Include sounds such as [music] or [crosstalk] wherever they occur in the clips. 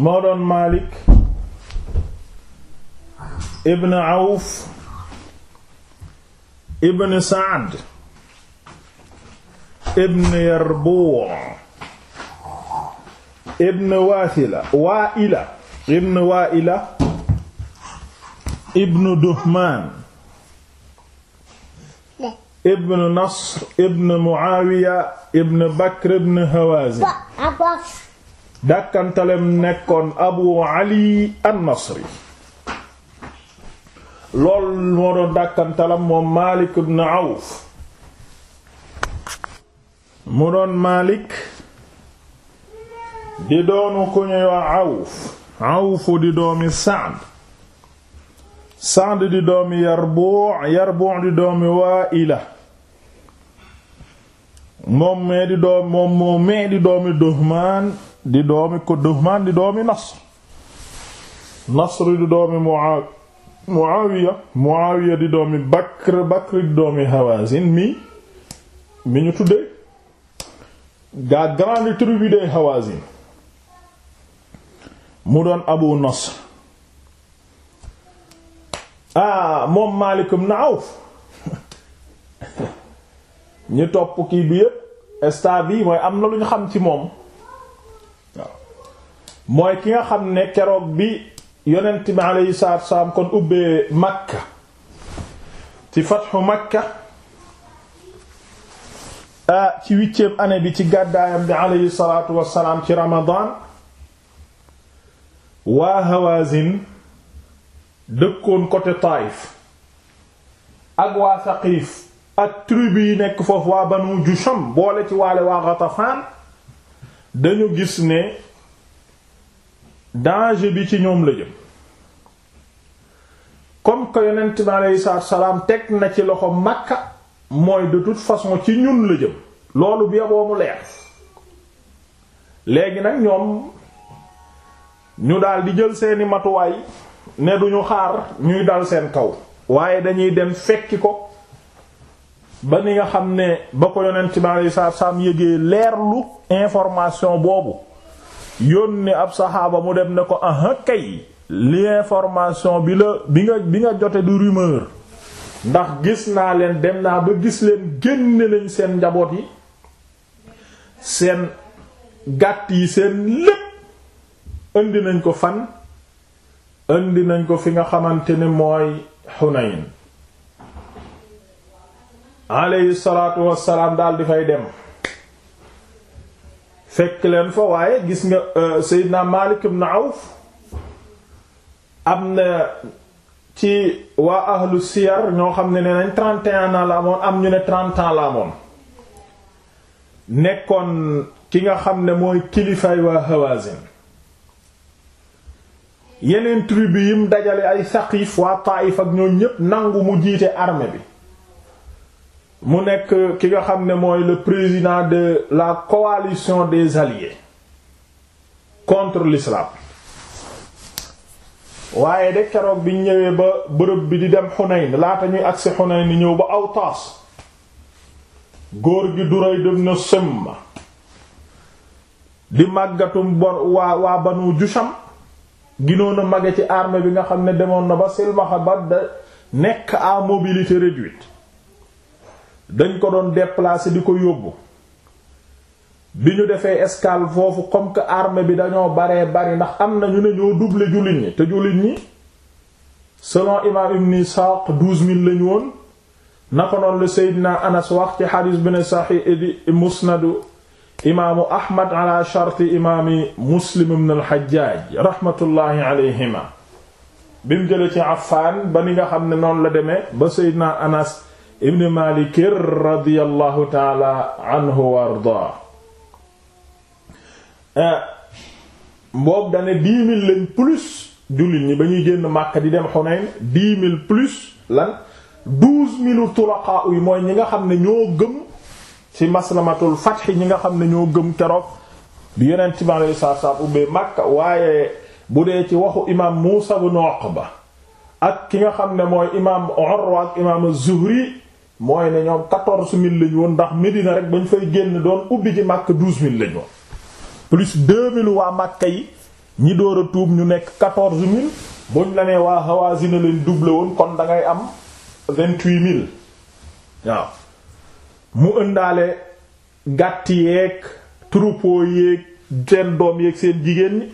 moo doon Malik ibn Awf ibn Saad ibn Yarbu ibn Waasila Waaila ibn Waaila ibn Duhmaan ibn Nasr ibn Muawiya ibn Bakr ibn Hawaazin dàkkantalem nekkoon abu ali an-Nasri lool moo doon dàkkantalam moom Maalik ibn Awf mu doon Maalik di doomu ku ñuy wax Awf Awf di doomi Sa'd Sa'd di doomi Yarbu' Yarbu' di doomi Waa'ila moom moom mee di doomi Duhmaan di doomi ko Duhmaan di doomi Nasr Nasr di doomi Muawiya Muawiya Muawiya di doomi Bakr Bakr di doomi Hawazin mi mi ñu tudde gaa grande tribu des Hawazin mu doon Abu Nasr ah moom Maalik ibn Awf [laughs] ñu topp kii bi yépp stade bi mooy am na lu ñu xam ci moom mooy ki nga xam ne keroog bi yonent bi alayhi salaatu wasalaam kon ubbee Makka ci fatxu Makka ci huitième année bi ci gàddaayam bi alayhi salaatu wasalaam ci Ramadan waa Hawazin dëkkoon côté Taïf ak waa Saqif ak tribu yi nekk foofu waa Banu Jusham boole ci waale waa Ghatafan dañu gis ne danger bi ci ñoom la jëm comme que yonent bi salaam teg na ci loxo Makka mooy de façon ci ñun la jëm loolu bi boobu leer léegi nag ñoom ñu daal di jël seeni matuwaay ne duñu xaar ñuy dal seen kaw waaye dañuy dem fekki ko ba ni nga xam ne ba ko yonent bi aleyhi salaatu salaam yëgee leerlu information boobu yónni ab saxaaba mu dem na ko aha kay l'information bi la bi nga bi nga jote du rumeur ndax gis naa leen dem naa ba gis leen génne nañ seen njaboot yi seen gàtt yi seen lépp indi nañ ko fan indi nañ ko fi nga xamante ne mooy Xunayn alayhi salaatu wassalaam daal di fay dem fekk leen fa waaye gis nga euh, Seydina Malik ibn Auf am na ci waa ahlu siyar ñoo xam ne nee nañ 31 ans am ñu ne 30 ans la nekkoon ki nga xam ne mooy kilifaay waa Hawazin yeneen tribu mu dajale ay Saqif waa Taif ak ñoo ñépp nangu mu jiite arme bi mu nekk ki nga xam ne mooy le président de la coalition des alliés contre l'islam waaye de keroog biñ ñëwee ba bërëb bi di dem Xunayn laata ñuy agsi Xunayn ñëw ba aw Awtaas góor gi Durayd ibn Simm di màggatum bor waa waa Banu Jusham ginoon a mage ci armée bi nga xam ne demoon na ba silmaxa ba da nekk à mobilité réduite dañ ko doon déplacer di ko yóbbu bi ñu defee escale foofu comme que armée bi dañoo baree bari ndax am na ñu ne ñoo doubler jullit ñi te jullit ñi selon imam ibn Isaaq douze mille lañu woon naka noonu la Seydina Anas wax ci xadis bi ne saxi di musnadu imaamu Ahmad ala sharti imaami Muslim ibn al-Hajjaj rahmatullahi alayhima bi mu jëlee ci Affaan ba ni nga xam ne noonu la demee ba Seydina Anas ibn Maalik radiyallahu taala anhu wa ardaa boobu eh, dane dix mille plus jullit ñi ba ñuy génn Makka di dem Xunayn dix mille plus lan douze mille tulaqaa yi mooy ñi nga xam ne ñoo gëm ci maslamatul fath ñi nga xam ne ñoo gëm keroog bi yonent bi alayhi salaatu salaam ubbee Makka waaye bu dee ci waxu imaam Muusa ibn Uqba ak ki nga xam ne mooy imaam ak imaam az mooy ne ñoom quatorze mille lañu woon ndax Medina rek bañ fay génn doon ubbi ci Makka douze mille lañu woon plus deux mille waa Makka yi ñi door a tuub ñu nekk quatorze mille buñ la nee waa Hawazin leen doublé woon kon da ngay am vingt-huit mille waaw mu ëndaale gàtt yeeg troupeau yeeg seen doom yeeg seen jigéen ñi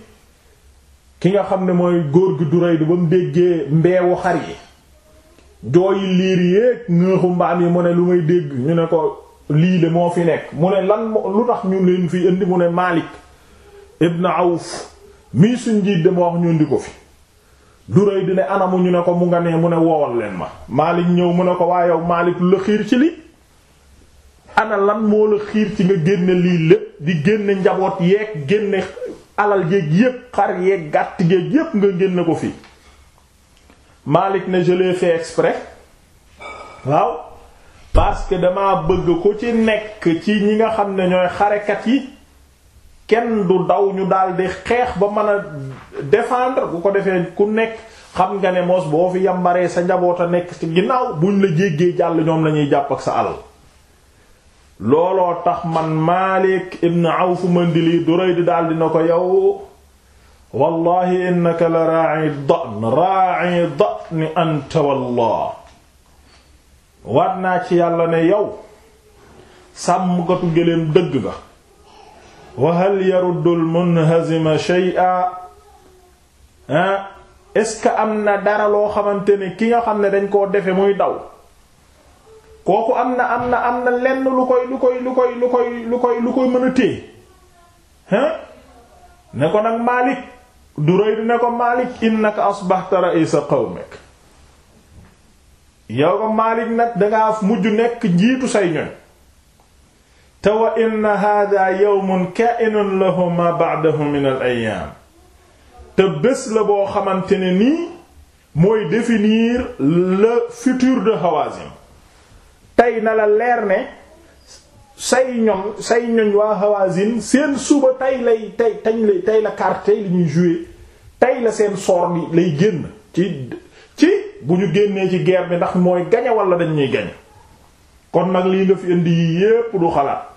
ki nga xam ne mooy góor gi du rey du ba mu déggee mbeewu xar yi yi liir yéeg nëexu mbaam yi mu ne lu may dégg ñu ne ko lii de moo fi nekk mu ne lan lu tax ñu leen fi indi mu ne Malik ibn Awf mii suñ njiit de moo wax ñu indi ko fi duray di ne anamu ñu ne ko mu nga nee mu ne woowal leen ma Malik ñëw mu ne ko waaye yow Malik lu la xiir ci li ana lan moo la xiir ci nga génne lii lépp di génne njaboot yeeg génne alal yeeg yépp xar yeeg gàtt yeeg yépp nga génne ko fi Malik ne je fait exprès waaw parce que dama bëgg ko ci nekk ci ñi nga xam ne ñooy xarekat yi kenn du daw ñu daal di xeex ba mën a défendre bu ko defee ku nekk xam nga ne moos boo fi yambaree sa njaboot a nekk ci ginnaaw buñ la jéggee jàll ñoom lañuy jàpp ak sa alal looloo tax man Malik ibn Awf mën di lii Durayd daal na ko yow wallahi innaka la raa'i da'n raa'i da'n anta wallah waat naa ci yàlla ne yow sàmm sàmmkatu géléem dëgg nga wa hal yaruddu al munhazima shay'a est-ce que am na dara loo xamante ne ki nga xam ne dañ koo defe muy daw kooku am na am na am na lenn lu koy lu koy lu koy lu koy lu koy lu koy mën téye ne ko nag Maalik Durayd ne ko Maalik innaka asbahta ra'isa qawmik yow ko Maalik nag dangaa mujj nekk njiitu say ñoñ te wa inna hada yawmun ka'inun lahu ma ba'dahu min al ayyam te bés la boo xamante ne nii mooy définir le futur de Hawazin tey na la leer ne say ñoñ say ñoñ waa Hawazin seen suba tey lay tey tañ tey la carte li ñuy jouer tey la seen sor lay génn ci ci bu ñu génnee ci guerre bi ndax mooy gañe wala dañ ñuy gañe kon nag lii nga fi indi yi yépp du xalaat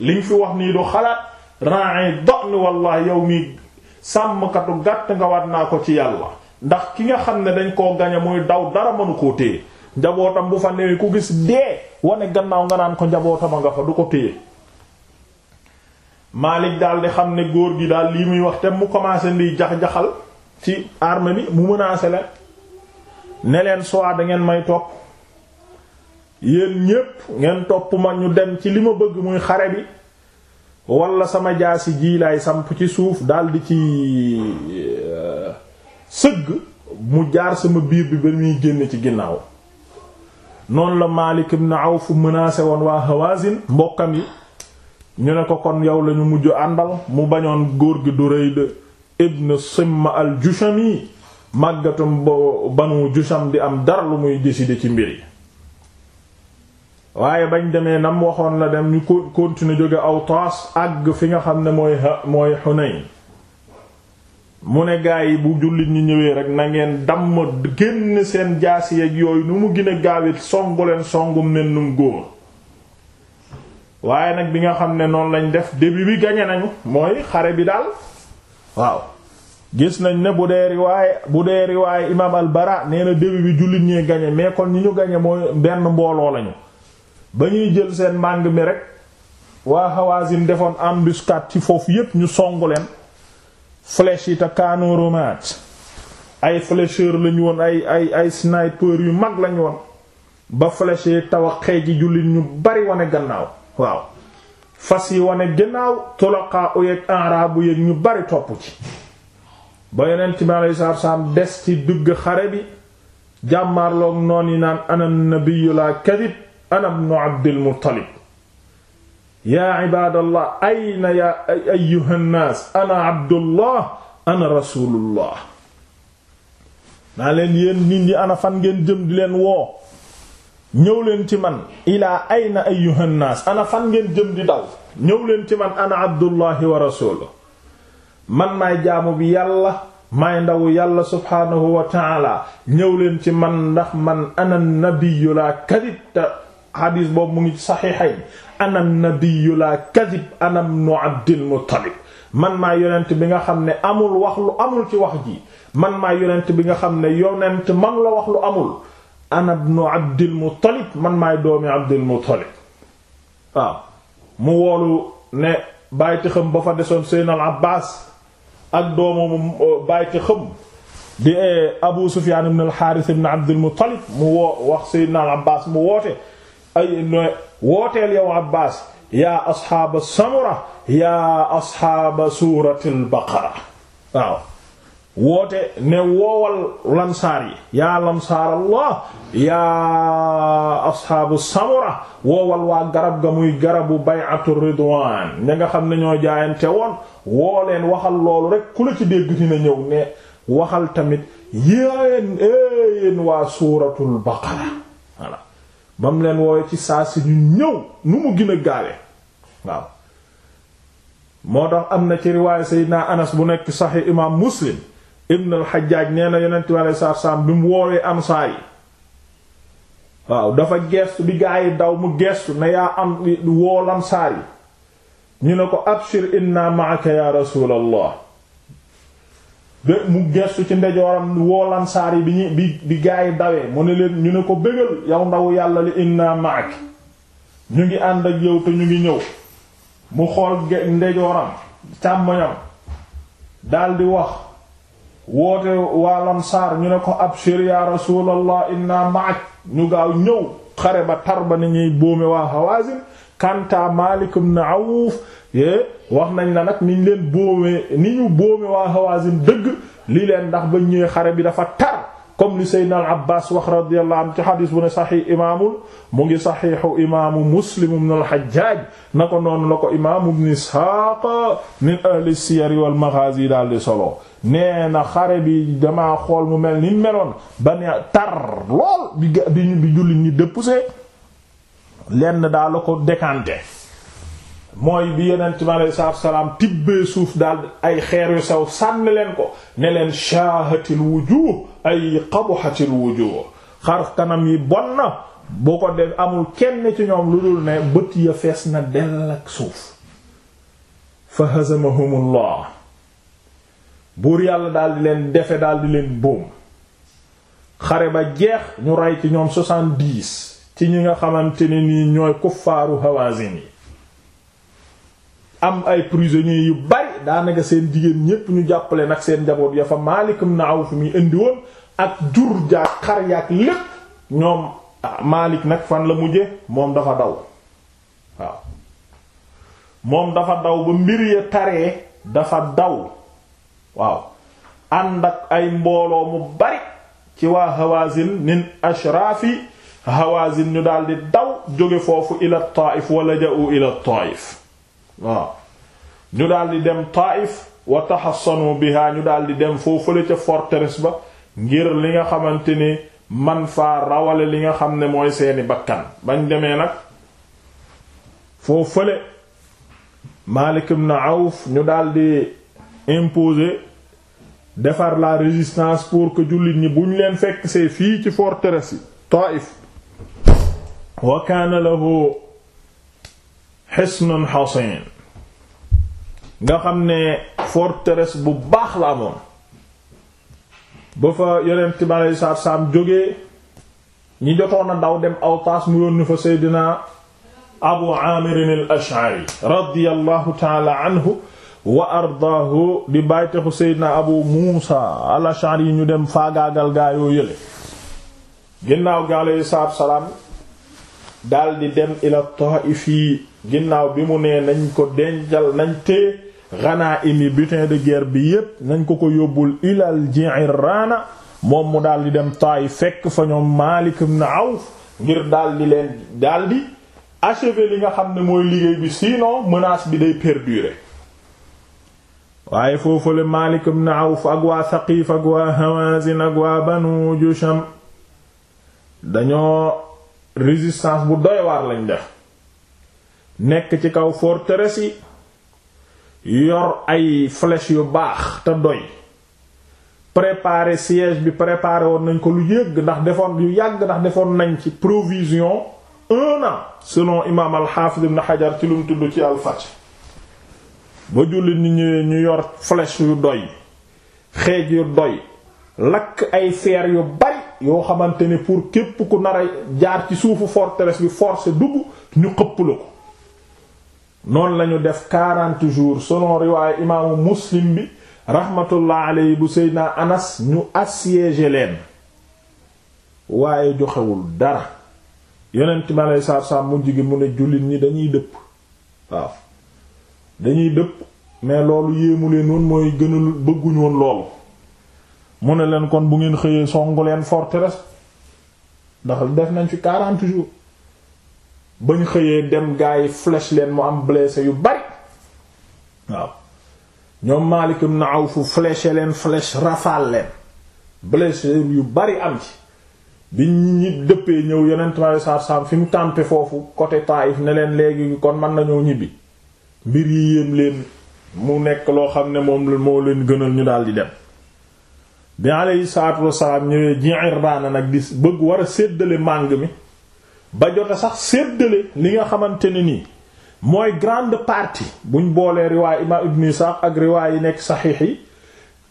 li nga fi wax nii du xalaat ra'i do'n wallahi yow mi sàmmkatu gàtt nga waat naa ko ci yàlla ndax ki nga xam ne dañ koo gañe muy daw dara mënu koo téye njabootam bu fa newee ku gis dee wane gannaaw nga naan ko njabootama nga fa du ko téye Malik daal di xam ne góor gi daal lii muy wax te mu commencé ndi jax-jaxal ci arme bi mu menacé leen ne leen soit da ngeen may topp yéen ñépp ngeen topp ma ñu dem ci li ma bëgg muy xare bi wala sama jaasi ji laay samp ci suuf daal di ci euh, sëgg mu jaar sama biir bi ba muy génn ci ginnaaw noonu la Maalik ibn Awf menacé woon waa Hawazin mbokkam yi ñu ne ko kon yow lañu mujj àndal mu bañoon góor gi Durayd ibn Simma al-Jushami màggatum bo banu Jusham di am dara lu muy décider ci mbir yi waaye bañ demee nam waxoon la dem ñu kontinu jóge Awtaas àgg fi nga xam ne mooy mooy mu ne gaa yi bu jullit ñi ñëwee rek nangeen ngeen damm génn seen jaasi ak yooyu nu mu gën a gaawit songu leen songum mennum góor waaye nag bi nga xam ne noonu lañu def début bi gañe nañu mooy xare bi daal waaw gis nañ ne bu dee riwaaye bu dee riwaaye imaam al bara nee bi jullit ñee gañe mais kon ñi ñu gañe mooy benn mbooloo lañu ba ñuy jël seen màng mi rek waa Hawazin defoon embuscade ci foofu yépp ñu songu leen flèche yi te kaanu ay flécheur lañu woon ay ay ay yu mag lañu woon ba flèche yi taw a jullit ñu bari wane gannaaw waaw fas yi wane gannaaw toloqaa uyeeg enraabu yeeg ñu bari topp ci ba yonent bi alayhi salaatu des ci digg xare bi jàmmaarloog noon yi naan ana nabiyyu laa kadib ana muttalib yaa ibaadallah ayna yaa ayyuhannaas ana abdullah ana rasulullah naa leen yéen nit ana fan ngeen jëm leen woo ñëw leen ci man ilaa ayna ayyuhannaas ana fan ngeen jëm di daw ñëw leen ci man ana abdullahi wa rasuluh man maay jaamu bi yàlla maay ndawu yàlla subhaanahu wa taala ñëw leen ci man ndax man ana nabiyyu laa kadib xadiis boobu mu ngi ci saxiixayn ana nabiyyu laa kadib ana ibnu abdil man maa yonent bi nga xam ne amul wax lu amul ci wax ji man maa yonent bi nga xam ne yonent man la wax lu amul ana ibnu abdil man maay doomi abdil muttalib waaw mu woolu ne bàyyiti xëm ba fa desoon seydna al abbas ak doomu bàyyiti xëm di eh, abu sufyaan ibn al xaaris ibn abdil muttalib mu woo wax seydna al abbas mu woote ay wooteel yow Abbaas yaa asxaaba samura yaa asxaaba suuratil baqara waaw woote ne woowal lamsaar yi yaa lamsaar allah yaa asxaabu samura woowal waa garab ga muy garabu bay'atu ridwaan ña nga xam nañoo ñoo jaayante woon woo waxal loolu rek ku la ci dégg dina ñëw ne waxal tamit yéen éeyéen eh, waa suuratul baqara ba mu leen woowe ci saa si ñu ñëw nu mu gën a waaw moo tax am na ci riwaayu Seydina Anas bu nekk saxi imaam Muslim ibn al-Hajjaj nee na yonent bi aleyhi salaatu bi mu woowee ansaar yi waaw dafa geestu bi gaa yi daw mu geestu ne yaa am woolam saar yi ñu ne ko abshir inna ma'aka ya rasulallah ba mu gestu ci ndejooram woo lansaar yi bi ñu bi bi gaa dawee mu ne leen ñu ne ko bégal yow ndaw yàlla li inna ma'ak ñu ngi ànd ak yow te ñu ngi ñëw mu xool ndejooram càmmoñam daldi wax woote waa lansaar ñu ne ko ab ya rasulallah inna ma'ak ñu gaaw ñëw xare ba tar ba ni ñuy bóome waa Hawazin kanta Maalik ibn Awf wax nañ la nag niñ leen boomee ni ñu boome waa Hawaazin dëgg li leen ndax ba ñëwee xare bi dafa tar comme li Seydina al Abbas wax radiyallahu anhu ci xadis bu ne saxix imaamul mu ngi saxiixu imaamu Muslim ibn al Hajjaj na ko noonu la ko imaamu ibn Isxaaq min ahli siyar wal maghaazi daal di solo nee na xare bi damaa xool mu mel ni meloon ba ne tar lool bi ga bi jullit ñi lenn daa la ko décanté mooy bi yonent bi aleyhi salaatu tibbee suuf daal ay xeer yu sew sànni leen ko ne leen shaahatil wujuh ay qabahatil wujuh xar kanam yi bon na boo ko def amul kenn ci ñoom lu dul ne bët ya fees na dell ak suuf fa hazamahumullah buur yàlla daal leen defe daal di leen boom xare ba jeex ñu rey ci ñoom soixante-dix ci ñi nga xamante ne nii ñooy kuffaaru Hawazin yi am ay prisonniers yu bari daanaka seen jigéen ñépp ñu jàppale nag seen njaboot ya fa Maalik ibn Awf ak jur jaag xar ñoom ah, Maalik nag fan la mujje moom dafa daw waaw moom dafa daw ba mbir ya taree dafa daw waaw ànd ak ay mbooloo mu bari ci waa Hawazin nin ashraafi Hawazin ñu daal di daw jóge foofu ila Taif wala ja'u ila Taif waaw ñu daal di dem Taif wa tahassanu biha ñu daal di dem foo la ca forteresse ba ngir li nga xamante ni man faa rawale li nga xam ne mooy seeni bakkan bañ demee nag foo fële Malik na Auf ñu daldi imposer defar la résistance pour que jullit ñi buñ leen fekk see fii ci forteresse yi Taif wa kaana lahu xisnun xasin nga xam ne forteresse bu baax la amoon ba fa yonent bi aleyhi salaatu salaam jógee ñi jotoon a daw dem Awtaas mu yónni fa Seydina Abu Aamir al-Ash'ari radiyallahu ta'ala anhu wa ardaahu di bàytexu Seydina Abu Muusa al-Ash'ari ñu dem faagaagal gaayoo yële ginnaaw gi aleyhi salaatu salaam daldi dem ila Taif yi ginnaaw bi mu nee nañ ko dencal nañ te ghanaim yi butin de guerre bi yépp nañ ko ko yóbbul ilal Ji'rana moom mu daldi dem Taif fekk fa ñoom Malik ibn Awf ngir daldi leen daldi achever nga xam ne mooy liggéey bi sinon menace bi day perdurer waaye foofule Malik ibn Awf ak waa Saqif ak waa Hawazin ak waa Banu Jusham dañoo résistance bu doy waar lañ def nekk ci kaw forteresse yi yor ay flèches yu baax te doy préparer siège bi préparer woon nañ ko lu yëgg ndax defoon yu yàgg ndax defoon nañ ci provision un an selon imaam al-Hafiz ibn ci lu tudd ci al-Fath ba jullit ñi ñu yor flèche yu doy xeej yu doy lakk ay feer yu bari yoo xamante ni pour képp ku nar jaar ci suufu forteresse bi forcé dugg ñu xëpp la ko noonu lañu def quarante jours selon riwaaye imaamu muslim bi rahmatullah alayhi bu seydna anas ñu assiégé leen waaye joxewul dara yonent mi alei saatu salaam mujj mu ne jullit ñi dañuy dëpp waaw dañuy dëpp mais loolu yéemu leen woon mooy gënal bëgguñ woon mu ne leen kon bu ngeen xëyee songu leen forteresse ndax def nañ fi 40 jours bañ xëyee dem gaa yi flèche leen mu am blessé yu bari waaw ñoom Maalik ibn Awf flèche leen flèche rafale leen blessé yu bari am ci bi ñi dëppee ñëw yonent ma saar-saam fi mu campé foofu côté Taïf ne leen léegi kon mën nañoo ñibbi mbir yi yéem leen mu nekk loo xam ne moom moo leen gënal ñu daal di dem bi alayhi salaatu wassalaam ñëwee Ji'irraana nag di bëgg war a séddale màng mi ba jota sax séddale li nga xamante ne nii mooy grande partie buñ boolee riwaay imaam Ibn Isaaq ak riwaay yi nekk saxiix yi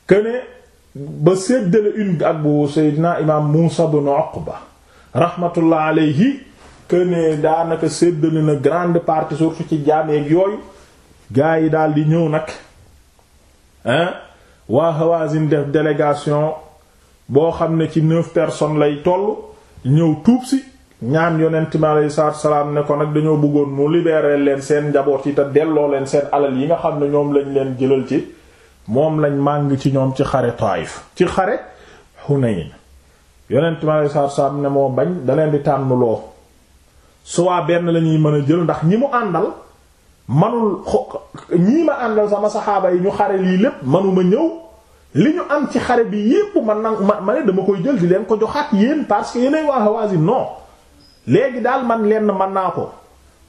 këne ba séddale une ak bu Seydina imaam Muusa ibn Uqba rahmatullah alayhi këne daanaka séddale na grande partie surtout ci jaameeg yooyu gaa yi daal di ñëw nag hein waa Hawazin def délégation boo xam ne ci neuf personnes lay toll ñëw tuub si ñaan yonent mi aleyhi salaatu salaam ne ko nag dañoo bëggoon mu libérer leen seen njaboot yi te delloo leen seen alal yi nga xam ne ñoom lañ leen jëlal ci moom lañ màng ci ñoom ci xare Taayif ci xare Hunayn yonent mi aleyhi salaatu salaam ne moo bañ da leen di tànnloo soit benn lañuy ñuy mën a jël ndax ñi mu àndal. manul ñii ma àndal sama saxaaba yi ñu xare lii lépp manuma ñëw li ñu am ci xare bi yépp man nag ma ma ne dama koy jël di leen ko joxaat yéen parce que yéenay waa Hawazin non léegi daal man lenn man naa ko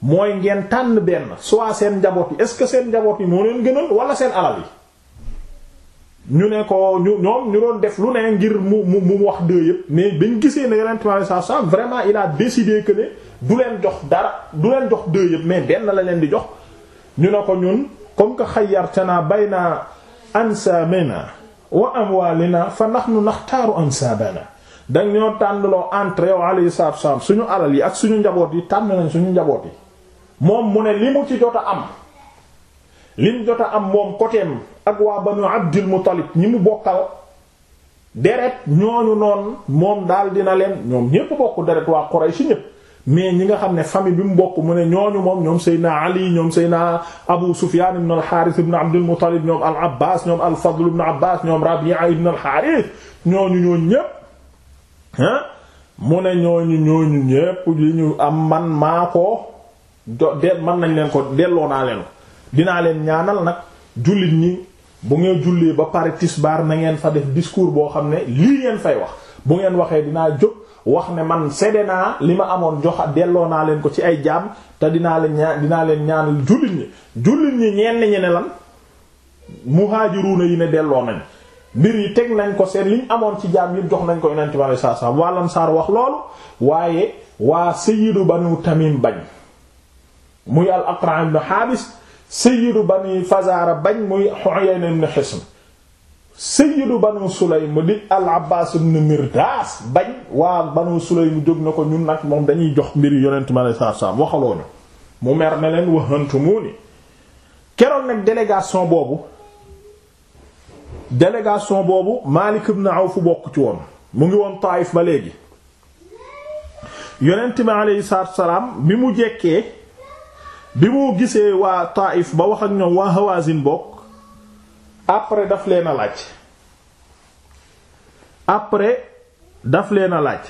mooy ngeen tànn benn soit seen njaboot est-ce que seen njaboot yi moo leen gënal wala seen alal yi ñu ne ko ñu ñoom ñu doon def lu ne ngir mu mu mu wax dëgg yépp mais ñu gisee ne yonent Yàlla sa sa vraiment il a décidé que ne du leen jox dara du leen jox dëgg yépp mais benn la leen di jox ñu ne ko ñun comme que xayyartanaa bayna ansaabina wa na fa ndax nahnu naxtaaru ansaabana dañ ñoo tànnloo entre yow alayhi salaatu wassalaam suñu alal yi ak suñu njaboot yi tànn nañ suñu njaboot yi moom mu ne li mu ci jot a am lim jot a am moom koteem ak waa banu Abdul Muttalib ñi mu bokkal deret ñooñu noonu moom daal na leen ñoom ñépp bokk deret waa Quraysh ñépp mais ñi nga xam ne famille bi mu bokk mu ne ñooñu moom ñoom Seydina Ali ñoom Seydina Abu Sufyan ibn al-Harith ibn Abdul Muttalib ñoom al-Abbas ñoom al-Fadl ibn Abbas ñoom Rabi'a ibn al-Harith ñooñu ñooñu ñépp hein mu ne ñooñu ñooñu ñépp ñu am man maa ko de man nañ leen ko delloo naa leen ko dinaa leen ñaanal nag jullit ñi bu ngeen jullee ba pare tisbaar na ngeen fa def discours boo xam ne lii ngeen fay wax bu ngeen waxee dinaa jot wax ne man sédde naa li ma amoon joxa delloo naa leen ko ci ay jaam te dinaa leen ñaan dinaa leen ñaanal jullit ñi jullit ñi ñenn ñi ne lan na yi ne delloo nañ mbir yi teg nañ ko seen liñ amoon ci jaam yi jox nañ ko yonent ci sallallahu alayhi wasallam waa Ansaar wax loolu waaye waa sayyidu banu tamim bañ muy al Aqra' ibn Haabis ba banu Fazaara bañ muy Uyayna ibn Hisn sayyidu banu sulaym di al abbaas ibn mirdaas bañ waa banu sulaym jóg na ko ñun nag moom dañuy jox mbir yonent ma lay saab waxaloo ñu mu mer ne leen wahantumuni keroog nag délégation boobu délégation boobu Maalik ibn Awf bokk ci woon mu ngi woon Taayif ba léegi yonent bi aleyhi salaam bi mu jekkee bi mu gisee waa Taayif ba wax ak ñoom waa Hawaazin bokk après daf leen a laaj daf leen a laaj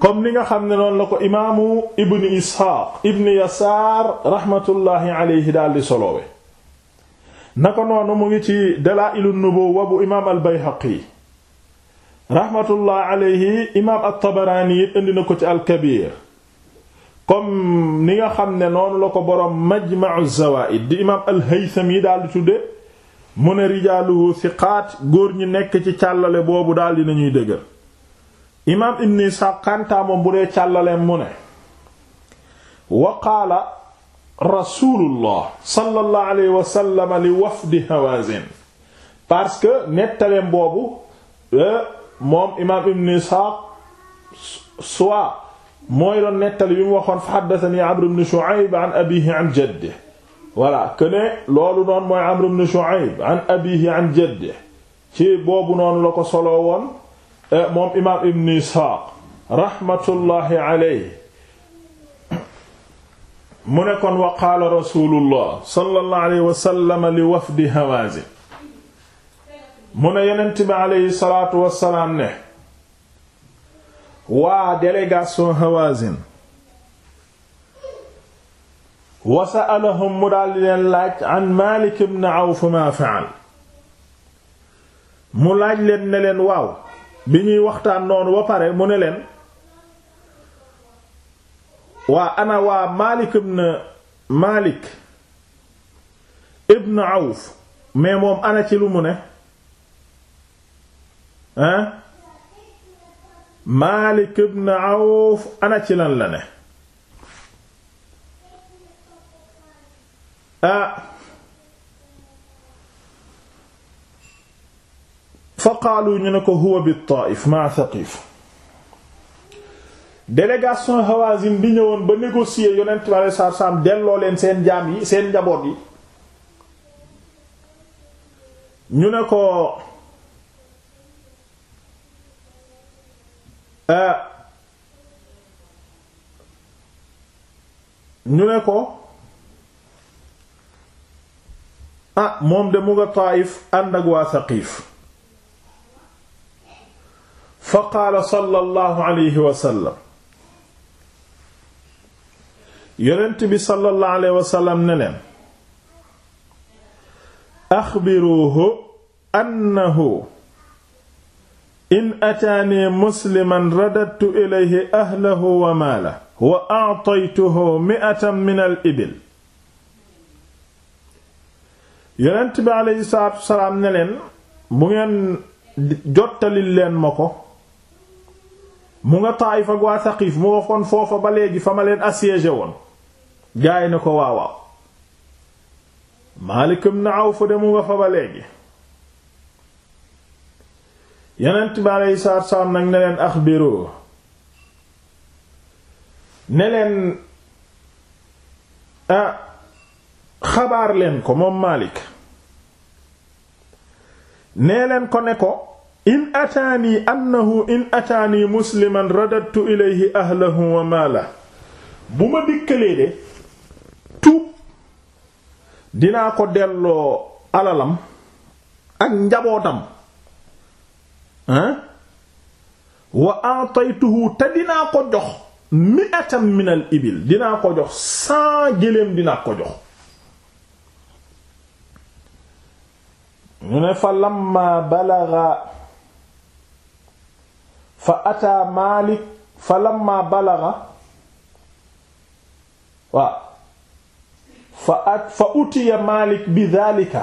comme ni nga xam ne noonu la ko imaamu ibn isxaaq ibn yasaar raxmatullaahi alayhi daldi soloowe naka noonu mu ngi ci dalaa'ilu nubuwwa bu imaam al bayhaqi raxmatullaahi alayhi imaam at tabaraani it indi na ko ci al kabiir comme ni nga xam ne noonu la ko boroom majma'u zawaid di imaam al-Haythami daal di tudde mu ne rijaaluhu thiqaat góor ñi nekk ci càllale boobu daal di nañuy dëgër imaam ibn Ishaq kantaa moom bu dee mu ne wa qaala rasulullah sallallahu alayhi wafdi Hawazin parce que nettaleem boobu euh, moom imaam ibn Ishaq soit mooy doon nettali bi mu waxoon fa haddathani Amr ibn Shu'ayb an abihi an jaddihi voilà que ne loolu noonu mooy Amr ibn Shu'ayb an abihi an jaddihi ci boobu noonu la ko soloo woon e, moom imaam Ibn Isxaaq rahmatullahi alayhi mu ne kon wa qaala rasulullah sallallahu alayhi wa li wafdi Hawaazin mu ne yonent bi alayhi salaatu wa ne waa délégation Hawazin wa sa'alahum mu daldi leen laaj an Maalik ibn ma fa'al mu laaj leen ne waaw bi ñuy waxtaan noonu ba pare mu ne leen waa ana waa Maalik ibn Maalik ibn Awf moom ana ci lu mu ne Maalik ibn Awf ana ci lan la ne ah fa qaalu ñu ne ko huwa bi Taif ma Thaqif délégation Hawazin bi ñëwoon ba négocier yonent bi alei satu salaam delloo leen seen jaam yi seen njaboot yi ñu ne ko Euh, ñu ne ko ah moom de mu nga Taayif ànd ak waa Saqiif fa qaala sallallahu alayhi wa sallam bi sallallahu alayhi wa sallam ne leen axbiruuhu annahu in ataani musliman radadtu ilayhi ahlahu wa maalahu wa a'taytuhu min al-ibil yonent bi aleyhi salaatu wasalaam bu ngeen jottalil leen ma ko mu nga Taayif ak waa Saqiif mu waxoon foofa ba léegi fa ma leen assiégé woon gaay na ko waawaaw Maalik ibn Awf de mu nga fa ba léegi yonent bi aleyhi salaatu salaam nag ne leen axbiru ne xabaar leen ko moom Maalik nee ko ne ko in ataanii annahu in ataanii musliman radattu ilayhi ahlahu wa maala bu ma dikkalee de tuub dinaa ko delloo alalam ak njabootam wa a'taytuhu te dinaa ko jox mi'atan min al ibil dinaa ko jox cent gëléem dinaa ko jox ñu ne fa lamma balaga fa ataa maalik fa lamma balaga waaw fa at fa utiya maalik bi daalika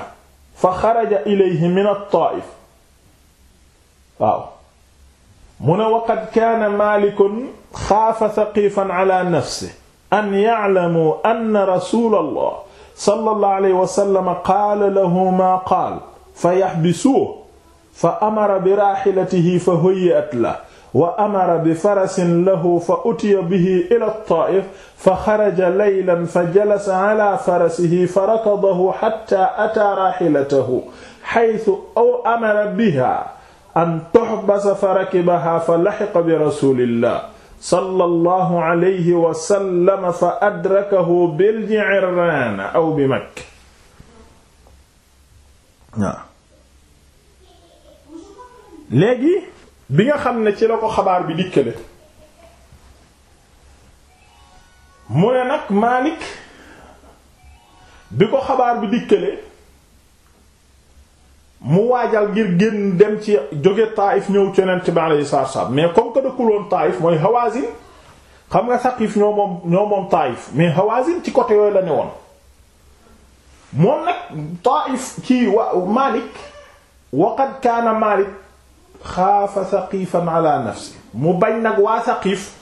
fa xaraja ilayhi min at-taa'if waaw mu ne waqad kaana maalikun xaafa thaqifan ala nafsi an ya'lamu anna rasulallah sallallahu alayhi wa sallam qaala lahu maa qaal fa yaxbisuuhu fa amara bi raaxilatihi fa hoyyi'at lahu wa amara bi farasin lahu fa utiya bihi ila taa'if fa xaraja laylan fa jalasa ala farasihi fa rakadahu xatta ataa raaxilatahu xaytu aw amara biha an tuhbasa fa rakibahaa fa laxiqa bi rasulillah sallallahu alayhi wa sallam fa adrakahu bil Ji'irrân aw bi Makka waaw léegi bi nga xam ne ci la ko xabaar bi dikkale mu ne nag Maalik bi ko xabaar bi dikkale mu waajal ngir génn dem ci jóge Taif ñëw ci Yonent bi alayhi salaatu mais comme que dëkkul woon Taif mooy Hawazin xam nga Saqif ñoo moom ñoo moom Taif mais Hawazin ci côté yooyu la ne woon moom nag Taif ci wa Malik wa kaana Malik xaafa Saqifan ala nafsi mu bañ nag waa Saqif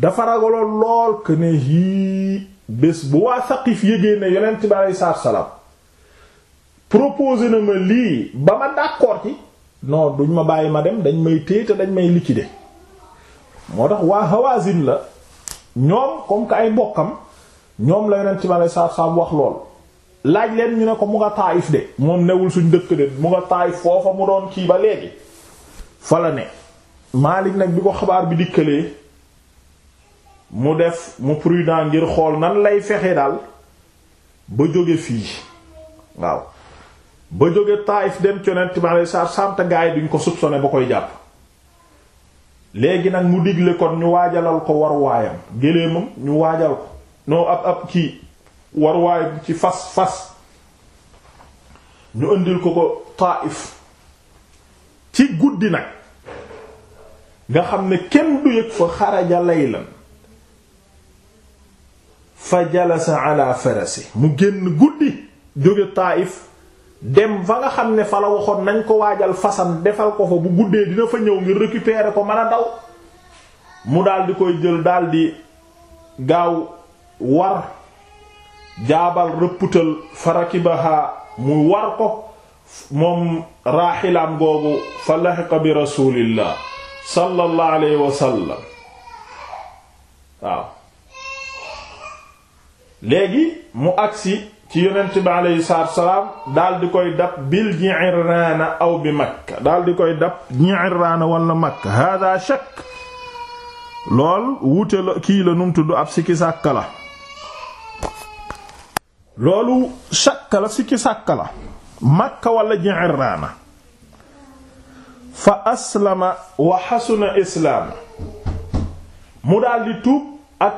dafa ragaloon lool que ne yii bés bu waa Saqif yégee ne Yonent bi alayhi salaatu proposé na ma lii ba ma d'accord ci non duñ ma bàyyi ma dem dañ may téye te dañ may liquider moo tax waa Hawazin la ñoom comme que ay mbokkam ñoom la yonent ci ma lay saab wax lool laaj leen ñu ne ko mu nga taayif de moom newul suñ dëkk de mu nga taayif foofa mu doon kii ba léegi fa la ne Maalik nag bi ko xabaar bi dikkalee mu def mu prudent ngir xool nan lay fexe daal ba jóge fii waaw ba jóge Taayif dem ci Yonent bi alayhi salaatu gaay te gaa duñ ko soupçonné ba koy jàpp léegi nag mu digle kon ñu waajalal ko war waayam géléemam ñu waajal ko noo ab ab kii war ci fas fas ñu indil ko ko Taayif ci guddi nag nga xam ne kenn du yëg fa xaraja laylan fa jalasa ala farasi mu génn guddi jóge Taayif dem fa nga xam ne fa la waxoon nañ ko waajal fasan defal ko fa bu guddee dina fa ñëw ngir récupérer ko mën a daw mu daldi koy jël daldi di gaaw war jaabal rëpputal farakibaha mu war ko moom raaxilaam googu fa laxiqa bi rasulillah sallallahu alayhi wa waaw léegi mu agsi ci yonent bi aleyhi salaam daal di koy dab bil Ji'irraana aw bi Makka daal di koy dab Ji'irraana wala Makka hada shakk lool wuute la kii la num tudd ab sikki sàkka la loolu shakka la sikki sàkka la Makka wala Ji'irraana fa aslama wa xasuna islaama mu daal di tuub ak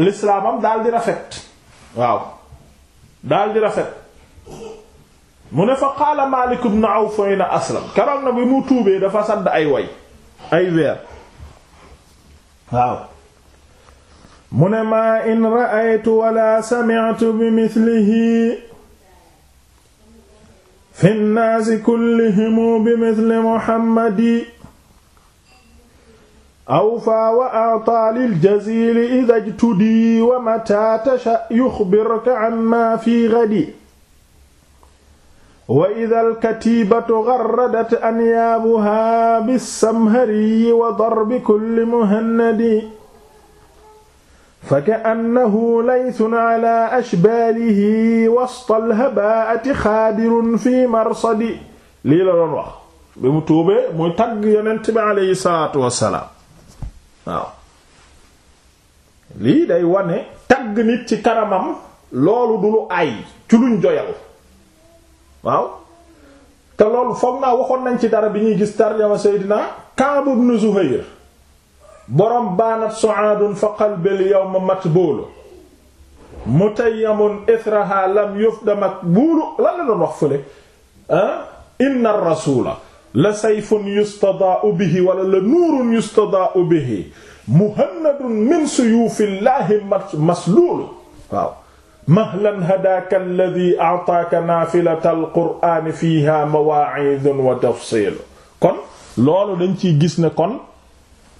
lislaamam daal di rafet waaw daal di rafet mu ne fa qaala Maalik ibn Awf na aslam keroog na bi mu tuubee dafa sadd ay way ay weer waaw mu ne maa in ra'aytu wala sami'tu bi mithlihi fi nnaasi kullihim bi mithli Muhammadi awfaa wa a'taa lil jaziili idhaa ijtudii wa mataa tashaa yuxbiruka ammaa fii ghadi wa idhal katiibatu gharradat anyaabuhaa bis-samhariyyi wa darbi kulli muhannadi fakaannahu laythun alaa ashbaalihi wastal habaa'ati xaadirun fii marsadi lii la doon wax bi mu tuubee muy tagg yonent bi aleyhi salaatu wassalaam waaw lii day wane tagg nit ci kanamam loolu du lu ay ci luñ joyal waaw te loolu foog naa waxoon nañ ci dara bi ñuy gis tarjama Seydina Kaab ibn Zuhayr borom baanat su'aadun fa qalbil yawma matbuulu mutayyamun ithraha lam yufda makbuulu lan la doon wax fële ah? inna rasula la sayfun yustadaa'u bihi wala la nuurun yustadaa'u bihi muhannadun min suyuufillaahi masluulu waaw mahlan hadaaka alladhi a'taaka naafilatal qur'aani fiihaa mawaa'idun wa tafsiil kon loolu dañ ciy gis ne kon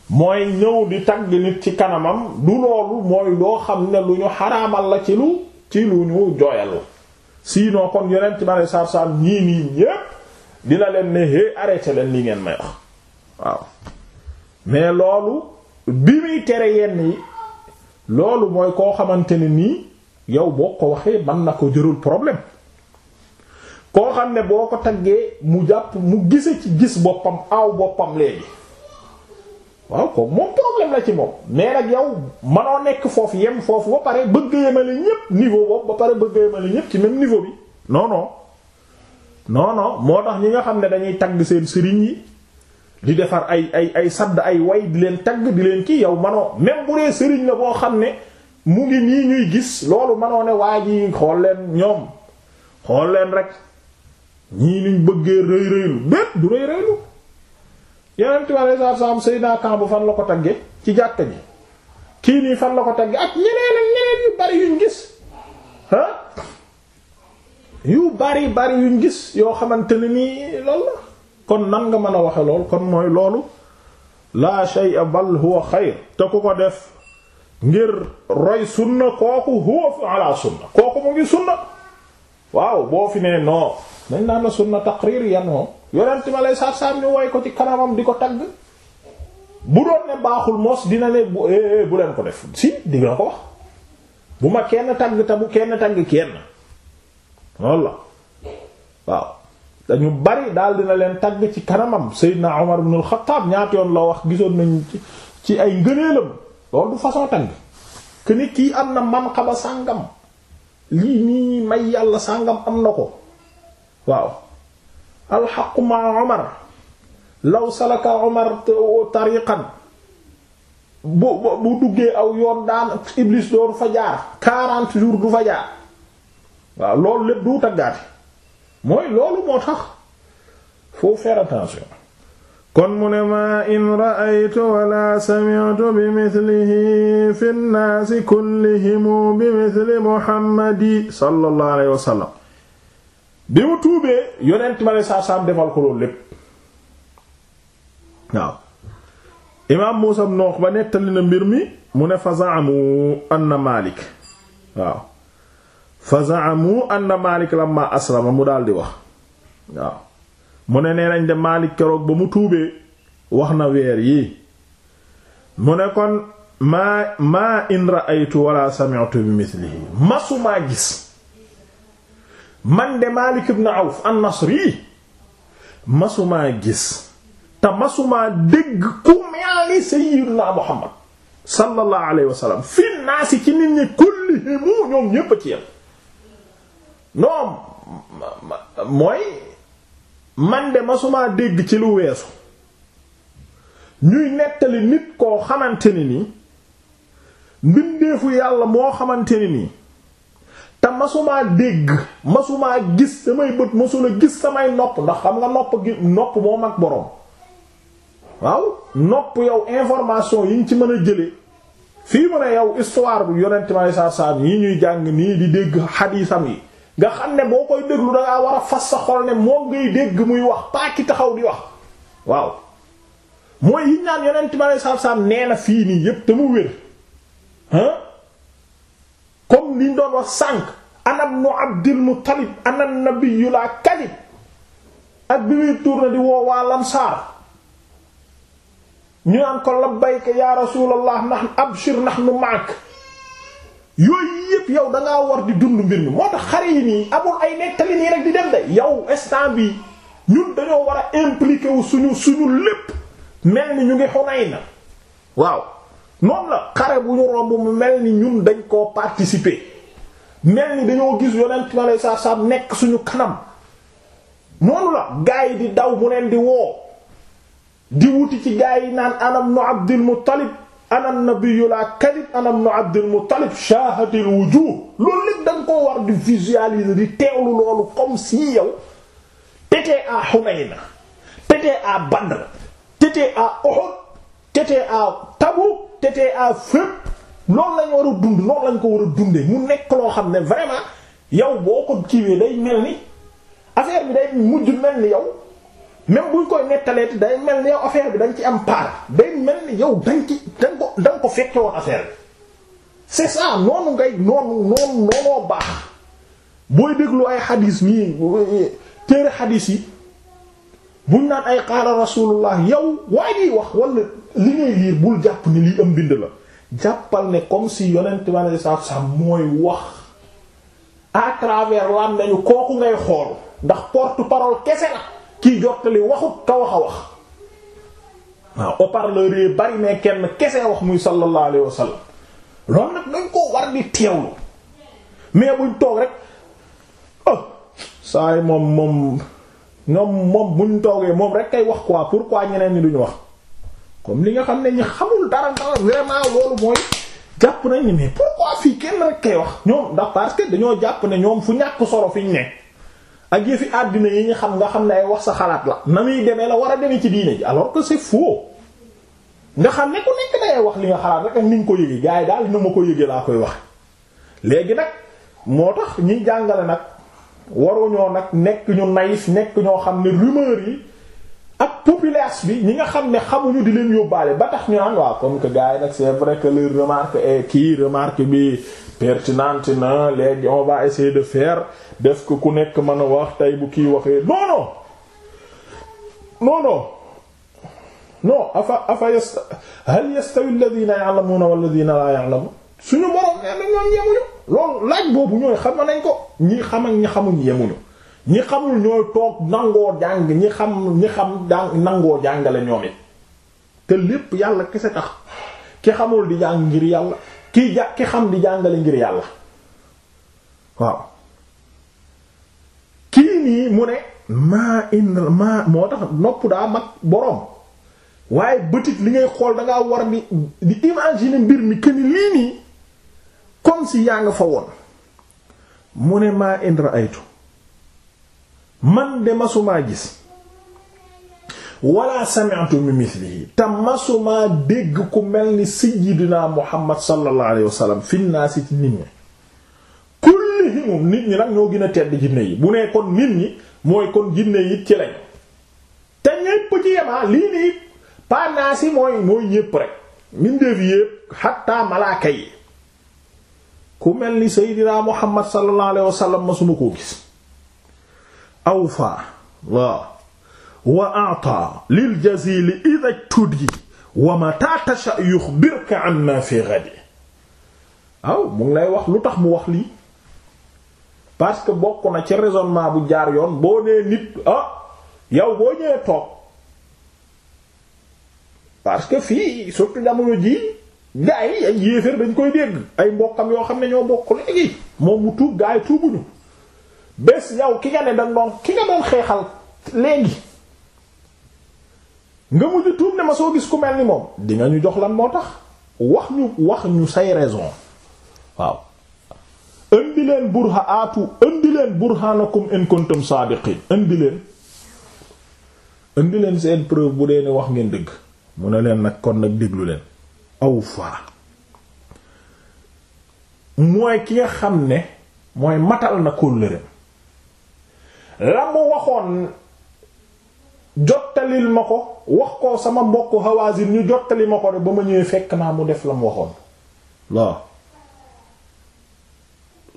mooy ñëw di tagg nit ci kanamam du loolu mooy loo xam ne lu ñu xaraamal la ci lu ci lu ñu jooyalu sinon kon yonent bi sallallahu alayhi wasallam ñii nii ñépp dina leen ne hé arrêté leen li ngeen may wax waaw mais loolu bi muy tere yenn yi loolu mooy koo xamante ne nii yow boo ko waxee man na ko jërul problème koo xam ne boo ko taggee mu jàpp mu gise ci gis boppam aw boppam léegi waaw ko moom problème la ci moom mais nag yow manoo nekk foofu yem foofu ba pare bëgg yemale ñépp niveau boobu ba pare bëgg yemale ñépp ci même niveau bi non non moo tax ñi nga xam ne dañuy tagg seen sëriñ yi di defar ay ay ay sadd ay way di leen tagg di leen kii yow manoo même bu dee sëriñ la boo xam ne mu ngi nii ñuy gis loolu manoo ne waa ji xool leen ñoom xool leen rek ñii luñ bëggee rëy rëylu bépp du rëy rëylu yeneen tubaab yi sax sax Seydina Kambu fan la ko tagge ci jàkka bi kii nii fan la ko tagge ak ñeneen ak ñeneen yu bari yuñ gis ah. yu bari bari yuñ gis yoo xamante ne nii loolu la kon nan nga mën a waxe lool kon mooy loolu laa shay'a bal huwa xayr te ku ko def ngir roy sunna kooku huwa fi ala sunna kooku mu ngi sunna waaw boo fi ne non dañ naan na sunna taqrir yan moom yonent ma lay saar-saam ñu woy ko ci kanamam di ko tagg bu doon ne baaxul mos dina ne bu eh, eh, bu leen ko def si di ko wax bu ma kenn tagg te bu kenn tagg kenn loolu la waaw dañu bari daal dina leen tagg ci kanamam Seydina Omar ibn al-Khattab yoon la wax gisoon nañ ci ay ngëneelam loolu du façon tagg que kii am na manqaba sàngam lii nii may yàlla sàngam am na ko waaw alxaqu ma Omar law salaka Omar tariqan bu bu duggee aw yoon daan Iblis dooru fa jaar 40 jours du fa jaar waaw loolu lépp du taggaati mooy loolu moo tax faut faire attention kon mu ne maa in ra'aytu wala sami'tu bi mithlihi fi nnaasi kullihimu bi mithli muhammadi sallallahu alayhi wa bi mu tuubee yonent ma ne saab-saab defal ko loolu lépp waaw imaam Muusa ibn Uqba nettali na mbir mi mu ne fa za'amu anna Maalik waaw fa za'amu anna Malik lamma aslama mu daal di wax waaw mu ne nee de Malik keroog ba mu tuubee wax na weer yii mu ne kon maa maa in ra'aytu wala sami'tu bi mithlihi masumaa gis man de Malik ibn Awf an masumaa gis te masumaa dégg ku mel ni sayyidina Muhammad sallallahu alayhi wa fi naasi ci nit ñi kullihim ñoom ñépp a ci yam non mooy man de masumaa dégg ci lu weesu ñuy nettali nit koo xamante ne nii mbindeefu yàlla moo xamante ne ni te masumaa dégg masumaa gis samay bët masula gis samay nopp ndax xam nga nopp gi nopp moo mag boroom waaw nopp yow information yi ñu ci mën a jële fii mu ne yow histoire bu yonent ma saa yi ñuy jàng nii di dégg xadiisam yi nga xam ne boo koy déglu da ngaa war a fas sa xol ne moom ngay dégg muy wax paaki taxaw di wax waaw mooy yi ñaan yonent ma lay saabsaab nee na fii nii yépp te mu wér ah comme liñ doon wax sànq ana ibnu Abdil Muttalib ana nabiyyu laa kadib ak bi muy tourné di woo waa Lamsaar ñu naan ko labbayka yaa rasuulallah nahnu abshir nahnu ma'ak yooyu yëpp yow da war di dund mbir mi moo tax xare yi nii amul ay nettali nii rek di dem de yow instant bi ñun dañoo war a impliqué wu suñu suñu lépp mel ni ñu ngi xonay na waaw noonu la xare bu ñu romb mu mel ni ñun dañ koo participer mel ni dañoo gis yonent mi aleyhi salaatu salaam nekk suñu kanam noonu la gaa yi di daw mu leen di woo di wuti ci gaa yi naan anam nu Abdul Muttalib ana nabiyyu la kadib ana ibn Abdul Muttalib shaahatil wujuh loolu lépp da nga koo war di visualiser di teewlu loolu comme si yow t'étais à Hunayn t'étais à Badr t'étais à Uhud t'étais à Tabuk t'étais à war a dund loolu lañ ko war a dundee mu nekk loo xam ne vraiment yow boo ko kiiwee day mel ni affaire bi day mujj mel ni yow même buñ koy nettaleeti day mel ni yow affaire bi dañ ci am part day mel ni yow dañ ci dañ ko dañ ko fekke woon affaire bi c'est ça noonu ngay noonu noonu noonoo baax booy déglu ay xadiis nii téere xadiis yi buñ naan ay qaala rasulullah yow waaye di wax wala li ngay liir bul jàpp ni lii am mbind la jàppal ne comme si yonent bi sax mooy wax à travers lan nañu kooku ngay xool ndax porte-parole kese la kii jottali waxut ka wax a wax waaw haut-parleur yi bari mais kenn kese wax muy sallallahu alayhi wa sallam loolu nag dañ koo war di teewlu mais buñ toog rek ah oh, saa yi moom moom ñoom moom buñ toogee moom rek kay wax ko pour quoi pourquoi ñeneen ñi duñu wax comme li nga xam ne ñi xamul dara dara vraiment loolu mooy jàpp nañ ni mais pourquoi fii kenn rek kay wax ñoom ndax parce que dañoo jàpp ne ñoom fu ñàkk solo fi ñu ne. ak yëfi àddina yi ñu xam nga xam ne ay wax sa xalaat la na muy demee la war a demee ci diine ji alors que c'est faux nga xam ne ku nekk day wax li nga xalaat rek ak ni nga ko yëgee gars yi daal nu ma ko yëgee laa koy wax léegi nag moo tax ñiy jàngale nag waruñoo nag nekk ñu naïf nekk ñoo xam ne rumeur yi ak populace bi ñi nga xam ne xamuñu di leen yóbbaale ba tax ñu naan nag c'est vrai que remarque kii remarque bi pertinente na léegi on va essayer de faire def ko ku nekk mën a wax tey bu kiy waxee non non non non non afa afa yasta hal yastawi alladhina ya'lamuna walladhina la ya'lamun suñu borom ne na ñoom yemuñu loolu laaj boobu ñooy xam nañ ko ñi xam ak ñi xamuñ yemuñu ñi xamul ñooy toog nangoo jàng ñi xam ñi xam jàng nangoo jàngale ñoom it te lépp yàlla kese tax ki xamul di jàng ngir yàlla kiy ja ki xam di jàngale ngir yàlla waaw kii nii mu ne maa in maa moo tax nopp daa mag boroom waaye bëtit li ngay xool dangaa war di di imaginer mbir mi këni lii nii comme si yaa nga fa woon mu ne maa in ra'aytu man de masumaa gis wala sami'tu mi mislihi te masuma dégg ku mel ni sayyidina muhammad sallallahu alayhi wasallam finnaasi ci nit ñi kullihimum nit ñi nag ñoo gën a tedd jinne yi bu nee kon nit ñi mooy kon jinne yi ci lañ te ñépp ci yemaa ah, lii nii panaasi mooy mooy ñépp rek mindeef yépp xatta malaaka yi ku mel ni sayyidina muhammad sallallahu alayhi wasallam masuma koo gis awfa waaw wa a'ta lil jazili idha tudi wa mata tasha yukhbirka amma fi ghadi waaw mu ngi lay wax lu tax mu wax lii parce que bokk na ci raisonnement bu jaar yoon boo nee nit ah yow boo ñëwee toog parce que fii surtout jamono ji ay yéeféer dañ koy dégg ay mbokkam yoo xam ne ñoo bokk léegi moom mu tuub gaa yi bés yow ki nga ne dañ doon ki nga doon xeexal léegi nga mujj tuub ne ma soo gis ku mel ni moom di ñu jox lan moo tax wax ñu wax ñu say raison waaw indi leen burha aatu indi leen burhanakum in kuntum saadiqin indi leen leen seen preuve bu dee ne wax ngeen dëgg mu ne leen nag kon nag déglu leen aw faa mooy ki nga xam ne mooy matal na kóllëreem la mu waxoon jottalil ma ko wax ko sama mbokk Hawazin ñu jottali ma ko de ba ma ñëwee fekk naa mu def la mu waxoon waaw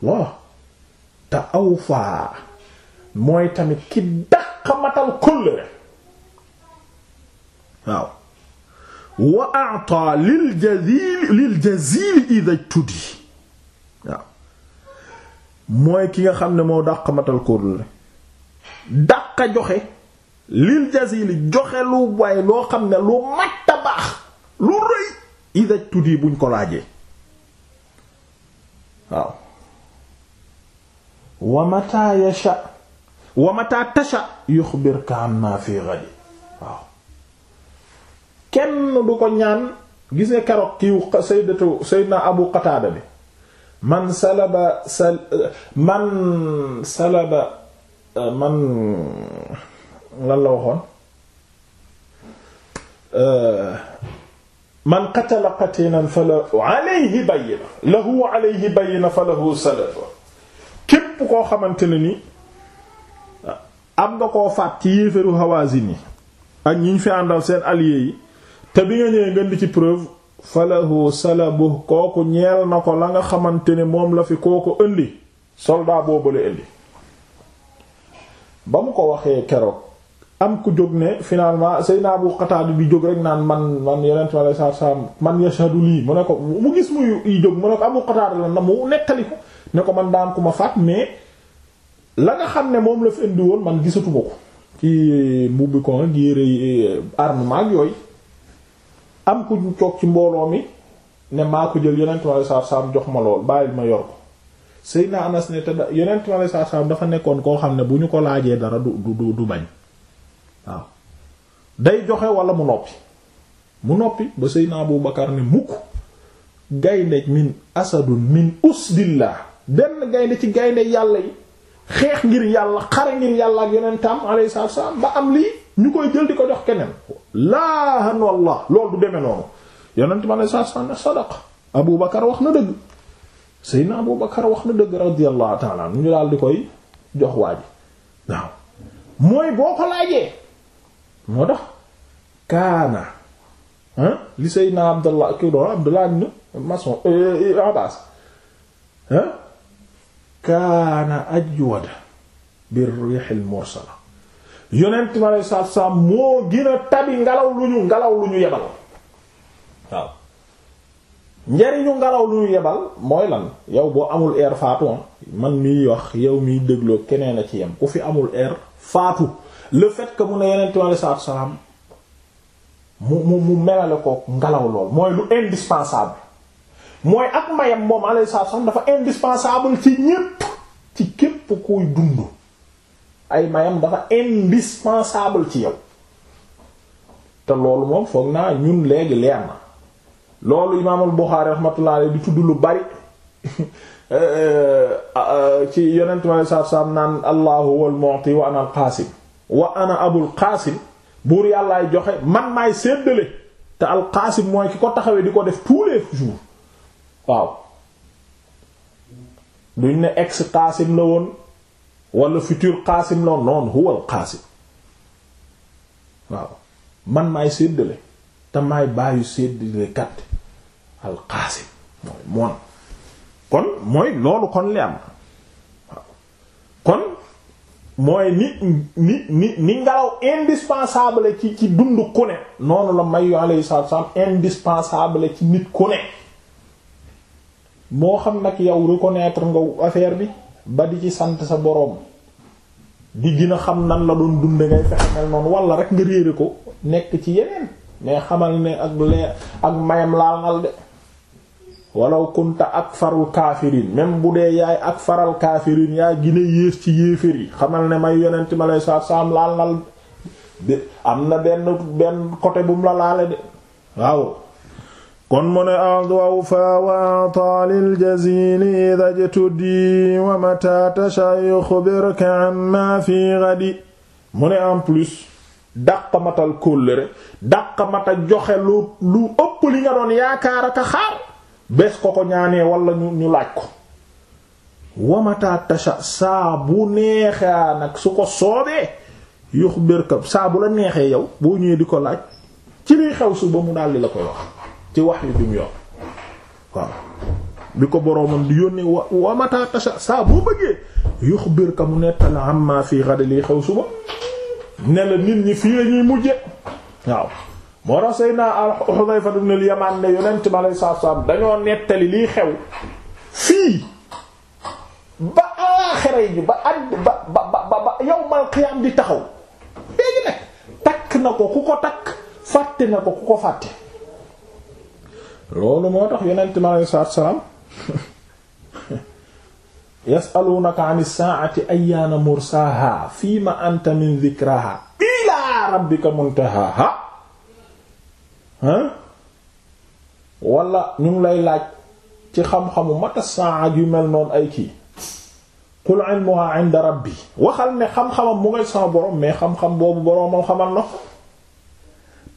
waaw te aw faa mooy tamit ki daq matal kóllëre waaw wa a'ta lil jazil lil jazil idha tudi waaw mooy ki nga xam ne moo daq matal kóllëre daq joxe lil jazili joxe lu waaye loo xam ne lu mat a lu rëy idaj tuddi buñ ko laajee waaw wa yasha wa tasha yuxbir ka naa fii gadi waaw kenn du ko ñaan gis nga keroog kiiw sayyidatu sayyidna abu qataada bi man salaba sal man salaba man lan la waxoon euh, man qatala qatilan fa lahu alayhi bayyina lahu alayhi fa lahu salatu képp koo xamante ne ni am nga koo faat ci yéeféru Hawazin yi ak ñi ñu fi àndal seen alliés yi te bi nga ñëwee ngeen di ci preuve fa lahu salabu kooku ñeel na ko la nga xamante ne moom la fi kooku indi soldat boobale indi ba mu ko waxee keroog am ku jóg ne finalement Seydina bu Qatada bi jóg rek naan man man yeneen ma lay saa saa man yashadu lii mu ne ko mu gis mu ne ko Abu Qatada la na mu ne ko man daan ku ma faat mais la nga xam ne moom la fi indi man gisatuma ko ci mbubbi ko eh, ak yére armement ak am ku toog ci mbooloo mi ne maa ko jël yeneen ma lay saa saa jox ma lool bàyyil ma yor ko Seydina Anas ne te yeneen ma lay saa dafa nekkoon koo xam ne bu ñu ko laajee dara du du bañ. waaw day joxe wala mu noppi mu noppi ba Seydina Abu Bakar ne mukk gaynde min asadun min usdillah benn gaynde ci gaynde yàlla yi xeex ngir yàlla xare ngir yàlla ak yeneen taam alayhi salaatu salaam ba am lii ñu koy jël di ko jox keneen laahan lool loolu du demee noonu yonent bi alayhi salaatu salaam ne sadaq Abu Bakar wax na dëgg Seydina Abu Bakar wax na dëgg radiyallahu ta'ala ñu daal di koy jox waa waaw mooy boo ko laajee moo tax kaana li Seydina Abdallah ki doon Abdallah ibn Mas'ud eh, Abbas kaana ajwada bir rihil mursala yonent mi alei saatu salaam moo gën a tabi ngelaw lu ñu ngelaw lu ñu yebal waaw njariñu ngelaw lu ñu yebal mooy lan yow boo amul air faatu man miy wax yow miy dégloo keneen a ci yem ku fi amul air faatu le fait que mu ne yeneen tuuti alayhi salaam mu mu mu ko ngelaw lool mooy lu indispensable mooy ak mayam moom alayhi salaatu salaam dafa indispensable ci ñépp ci képp kuy dund ay mayam dafa indispensable ci yow te loolu moom foog naa ñun léegi leer na loolu imaamul Buxaari raxmatullaahi di tudd lu bari [laughs] eh, eh, ah, ah, ci yonentu alayhi salaatu salaam naan allahu huwal mu'ti wa ana al wa ana abul qaasim buur yàllaay joxe man maay séddale te al qaasim mooy ki ko taxawee di ko def tous les jours waaw duñ ne ex qaasim la woon wala futur qaasim la woon noonu huwa al qaasim waaw man maay séddale te maay bàyyi séddale al qaasim mooy moon kon mooy loolu kon li am waaw kon mooy ni ni ni ni ngelaw indispensable ci ci dund ku ne noonu la mayu alayhi salaatu wa salaam ci nit ku ne moo xam nag yow reconnaître nga affaire bi ba di ci sant sa boroom di dina xam nan la doon dunde ngay fexe mel noonu wala rek nga réere ko nekk ci yeneen mais xamal ne ak lee ak mayam laal ngal de walaw kunta akfarul kaafiriin même bu dee yaay akfaral kaafiriin yaa gine yées ci yéefér yi xamal ne may yonent ma lay saam laal nal am na benn benn côté la laale de waaw kon mu ne adwaw wa taalil jazili idha jatudi wa mata tashayukhu birka amma fi ghadi mu en plus dàq matal kóllëre dàq mata joxe lu ëpp li nga doon yaakaar ak xaar bés ko ko ñaanee wala ñu ñu laaj ko wamata tasha saa bu neexaa nag su ko soobee yux bérkab saa bu la neexee yow boo ñëwee di ko laaj ci liy xew suba mu daldi la koy wax ci wax yu bi mu yor waaw bi ko boroomam di yónnee wa wamata tasha saa boo bëggee yux bérka mu nettal amma fii xade liy xew suba ne la nit ñi fii la ñuy mujje waaw moo tax Seydina Xudayfa ibn al-Yaman ne yonent ma lay saabsaab dañoo nettali liy xew fii ba aaxira yi ba àdd ba ba ba ba yawmal qiyaam di taxaw léegi nag takk na ko ku ko takk fàtte na ko ku ko fàtte. loolu moo tax yonent ma lay saabsaab yas'alunaka 'ani saa'ati ayyaana mursaaha fiima anta min dhikraaha ilaa rabbika muntahaha hein wala ñu ngi lay laaj ci xam-xamu mata saa yu mel noonu ay kii qul ilmuha inda rabbi waxal ne xam-xamam mu ngay sama borom mais xam-xam boobu boroomam xamal na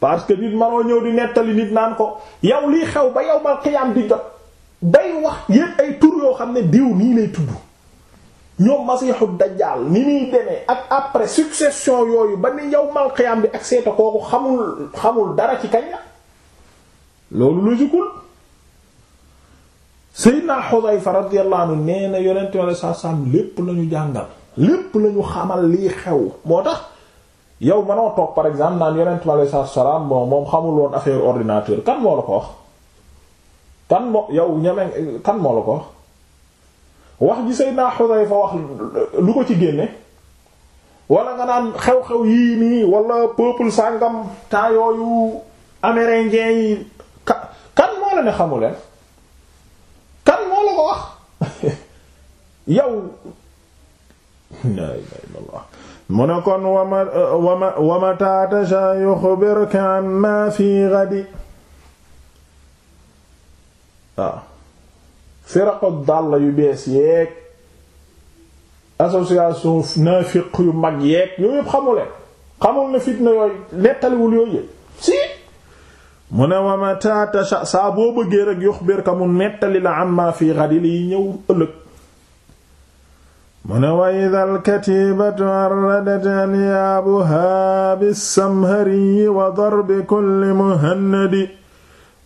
parce que nit manoo ñëw di nettali nit naan ko yow lii xew ba yow mal xiyaam di jot day wax yépp ay tur yoo xam ne diw nii lay tudd ñoom masiixu dajjaal ni muy demee ak après succession yooyu ba ni yow mal bi ak seeta kooku xamul xamul dara ci kañ la loolu logikul Seydina Xudayfa radiyallahu anhu nee na yonent mi saa saam lépp la ñu jàngal lépp la ñu xamal lii xew moo tax yow mënoo toog par exemple naan yonent mi saa salaam bon moom xamul woon affaire ordinateur kan moo la ko wax kan moo yow ñeme kan moo la ko wax wax ji Seydina Xudayfa wax lu ko ci génne wala nga naan xew-xew yii nii wala peuple sàngam temps yooyu amérindien nga ne xamu leen kan moo la ko wax [laughs] la ilaha illallah mu ne kon wama wama wamata tasha yukhbiruka amma fi ghadi waaw ah. firaqu dàll yu bees yeeg association naafiq yu mag yeeg yooyu yëpp xamu xamul na fitna yooyu nettaliwul yooyu yëpp si mu ne wa mata tasha saa boo bëggee rek yuxbirka mu nettali la amma fii xadil yi ñëw ëllëg mu ne wa idha alkatibatu arradat alyaabuha bisamhari wa darbi kulli muhannadi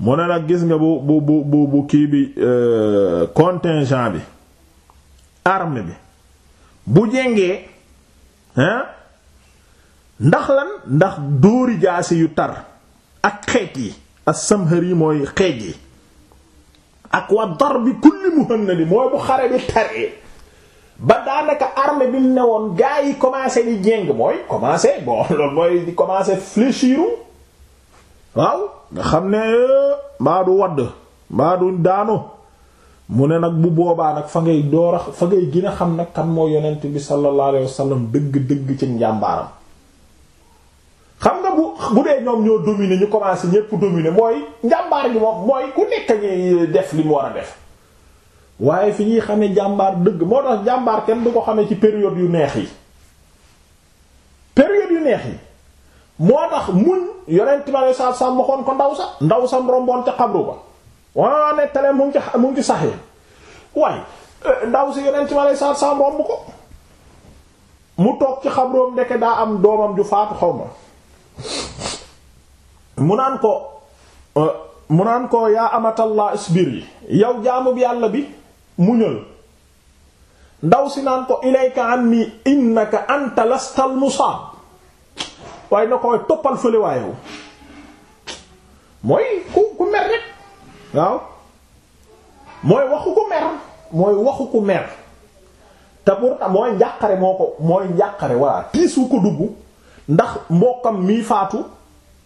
mu ne nag gis nga bu bu bu bu kii bi euh, contingent bi arme bi bu jengee hein ndax lan ndax dóori jaasi yu tar ak xeet yi as-Samhari yi mooy xeej yi ak wa darbi kulli muhannadi mooy bu xare bi taree ba daanaka armée bi mu ne woon gaa yi commencé di jéng mooy commencé bon [laughs] loolu mooy di commencé fléchir waaw nga xam ne mbaa du wadd mbaa du daanu mu ne nag bu boobaa nag fa ngay door a fa ngay gën xam nag kan moo yonent bi sallallahu alayhi wasallam dëgg dëgg ci njàmbaaram xam nga bu bu dee ñoom ñoo dominer ñu commencé ñépp dominer mooy njàmbaar gi moo mooy ku nekk ngi def li mu war a def waaye fi ñuy xamee jàmbaar dëgg moo tax jàmbaar kenn du ko xamee ci période yu neex yi période yu neex yi moo tax muñ yonent ma ne sax ko ndaw sa ndaw sam romboon ca xabru ba waaw ne tele mu ngi ci mu eh, ndaw si yonent ma ne sax sàmm romb ko mu toog ci xabroom ndeke daa am doomam ju faatu xaw ma. mu naan ko euh, mu naan ko yaa amatallah isbir yi yow jaamub yàlla bi mu muñal ndaw si naan ko ilayka anni innaka anta lastal musaab waaye na koy toppal fële waayewu mooy ku ku mer rek waaw mooy waxu ku mer mooy waxu ku mer te pourtant mooy njàqare moo ko mooy njàqare waa tiis wu ko dugg ndax mbokkam mii faatu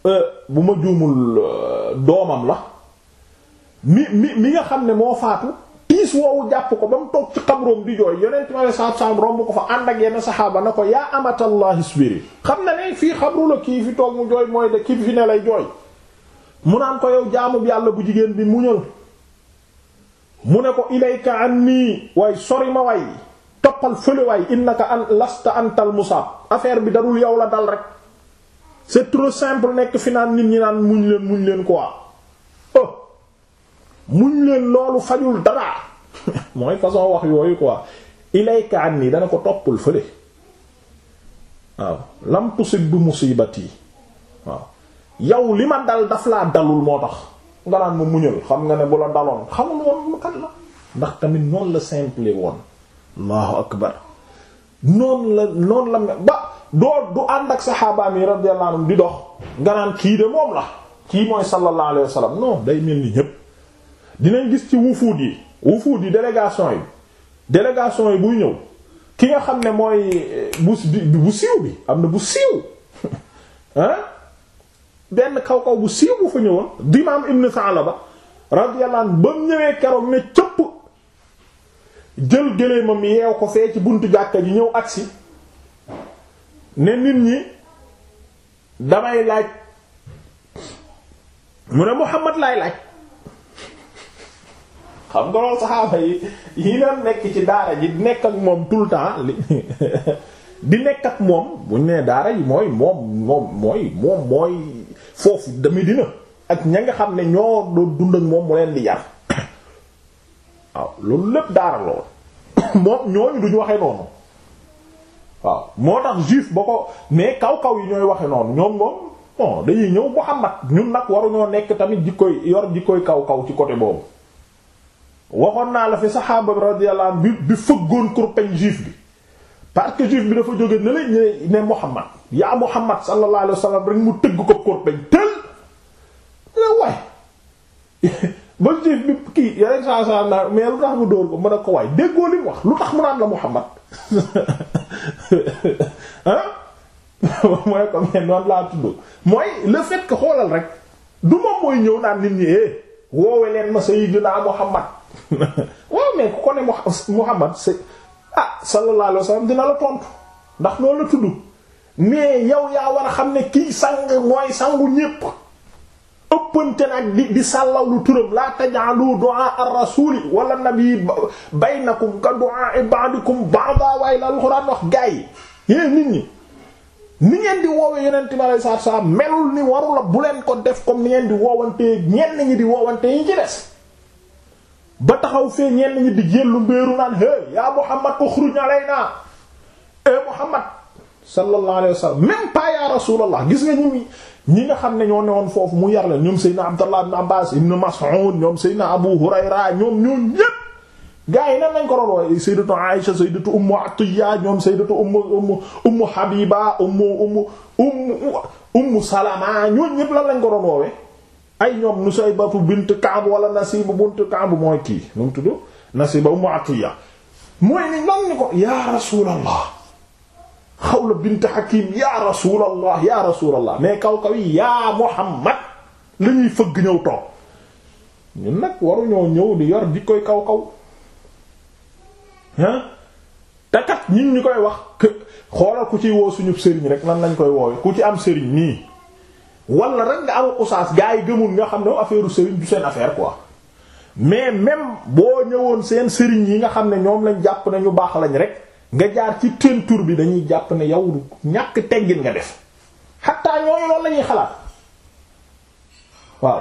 euh, bu ma juumul euh, doomam la mi mi mi nga xam ne moo faatu tiis woowu jàpp ko ba mu toog ci xabroom di jooy yonent ma saatu saam romb ko fa ànd ak yenn saxaaba na ko yaa amatallahi isbiri xam na ne fii xabru la kii fi toog mu jooy mooy de kii fi ne lay jooy mu naan ko yow jaamub yàlla bu jigéen bi mu muñal mu ne ko ilayka anni way sori ma way toppal fëlewaay innaka an lasta antal musaab affaire bi darul yow la dal rek c'est trop simple nekk fi naan nit ñi naan muñ leen muñ leen ko oh muñ leen loolu fajul dara [laughs] mooy façon wax yooyu quoi ilayka an nii dana ko toppal fële waaw lam tusib bu musibati waaw yow li ma dal daf laa dalul moo tax nga naan ma muñal xam nga ne bu la daloon xamul woon lu kat la ndax tamit noonu la simple woon allahu akbar noonu la noonu la ba doo du ànd ak saxaabaam yi radiyallahu anhum di dox nga naan kii de moom la kii mooy sallallahu alayhi wa day mel ni ñépp dinañ gis ci wufuud yi wufuud yi délégation yi yi buy ñëw ki nga xam ne mooy eh, bu bu siiw bi am na bu siiw ah [laughs] benn kaw kaw bu siiw bu fa ñëwoon dimaam ibn Sa'laba radiyallahu anhu ba ñëwee keroog ne cëpp jël gëléemam yeew ko fee ci buntu jàkka ji ñëw agsi ne nit ñi damay laaj mu ne Muhammad laay laaj xam nga loolu saxaaba yi yi naan nekk ci daara ji di nekk ak moom tout le temps li [laughs] di nekk ak moom buñ nee daara yi mooy moom moom mooy moom mooy foofu dami dina ak ña nga xam ne ñoo doon dund ak moom mu leen di yar waaw loolu lépp daara la woon [coughs] moom ñooñu duñu waxee noonu waaw moo tax juif ba ko mais kaw kaw yi ñooy waxe noonu ñoom moom bon dañuy ñëw Muhammad ñun nag waruñoo nekk tamit jikkoy yor jikkoy kaw kaw ci côté boobu waxoon naa la fi saxaaba radiyallahu anhu bi bi fëggoon kurpeñ juif bi parce que juif bi dafa jóge ne la ñu ne Muhammad yaa Muhammad sallallahu alayhi wa sallam rek mu tëgg ko kurpeñ tël ne eh, waay [laughs] ba jiif bi kii yeneen saa saa naan mais lu tax mu dóor ko mën a ko waay déggoo li wax lu tax mu naan la Muhammad [laughs] [laughs] mooy comme ne noonu laa tudd mooy le fait que xoolal rek du moom mooy ñëw naan nit ñi eh woowe leen ma Sayyidina Muhammad [laughs] waaw mais ku ko ne Muhammad c'est ah sallallahu alayhi dina la tontu ndax noonu la tudd mais yow yaa war a xam ne kii sang mooy sangu ñépp. ëppante nag di di sàllawlu turam la taj'alu du'a ar-rasuli wala nabi baynakum ka du'a ba'dikum ba'da waaye la alxuraan wax gaa yi yéen nit ñi ni ngeen di woowee yonente bi alayhi salaatu salaam melul ni waru bu leen ko def ko ni ngeen di woowante ñenn ñi di woowante yi ci des ba taxaw fee ñenn ñi di lu mbéeru naan hé ya Muhammad ukhruj alayna e Muhammad sallallahu alayhi wa sallam même pas ya gis nga ñi ñi nga xam ne ñoo newoon foofu mu yar leen ñoom Seydina Abdallah ibn Abbas ibn Mas'ud ñoom Seydina Abu Hurayra ñoom ñoom ñépp gaa yi lañ ko doon woowe Sayyidatu Aïsha Sayyidatu Ummu Atiyya ñoom Sayyidatu Ummu Ummu Ummu Habiba Ummu Ummu Ummu Ummu Salama ñoom ñépp lan lañ ko doon woowe ay ñoom Nusaybatu bint Ka'b wala Nasiba bint Ka'b mooy kii nu mu tudd Nasiba Ummu Atiyya mooy ni nan ni ko ya Rasulallah Xawla bint Hakim yaa rasulallah yaa rasulallah mais kaw kaw yi yaa Muhammad la ñuy fëgg ñëw toog ñun nag waruñoo ñëw di yor di koy kaw kaw ah te kat ñun ñu koy wax que xoolal ku ci woo suñu sëriñ rek nan lañ koy woowe ku ci am sëriñ nii wala rek nga am oustaz gaa yi gëmul nga xam ne affaire sëriñ du seen affaire quoi mais même boo ñëwoon seen sëriñ yi nga xam ne ñoom lañ jàpp ne ñu baax lañ rek. nga jaar ci tur bi dañuy jàpp ne yow ñàkk teggin nga def xataa ñoo loolu lañuy xalaat waaw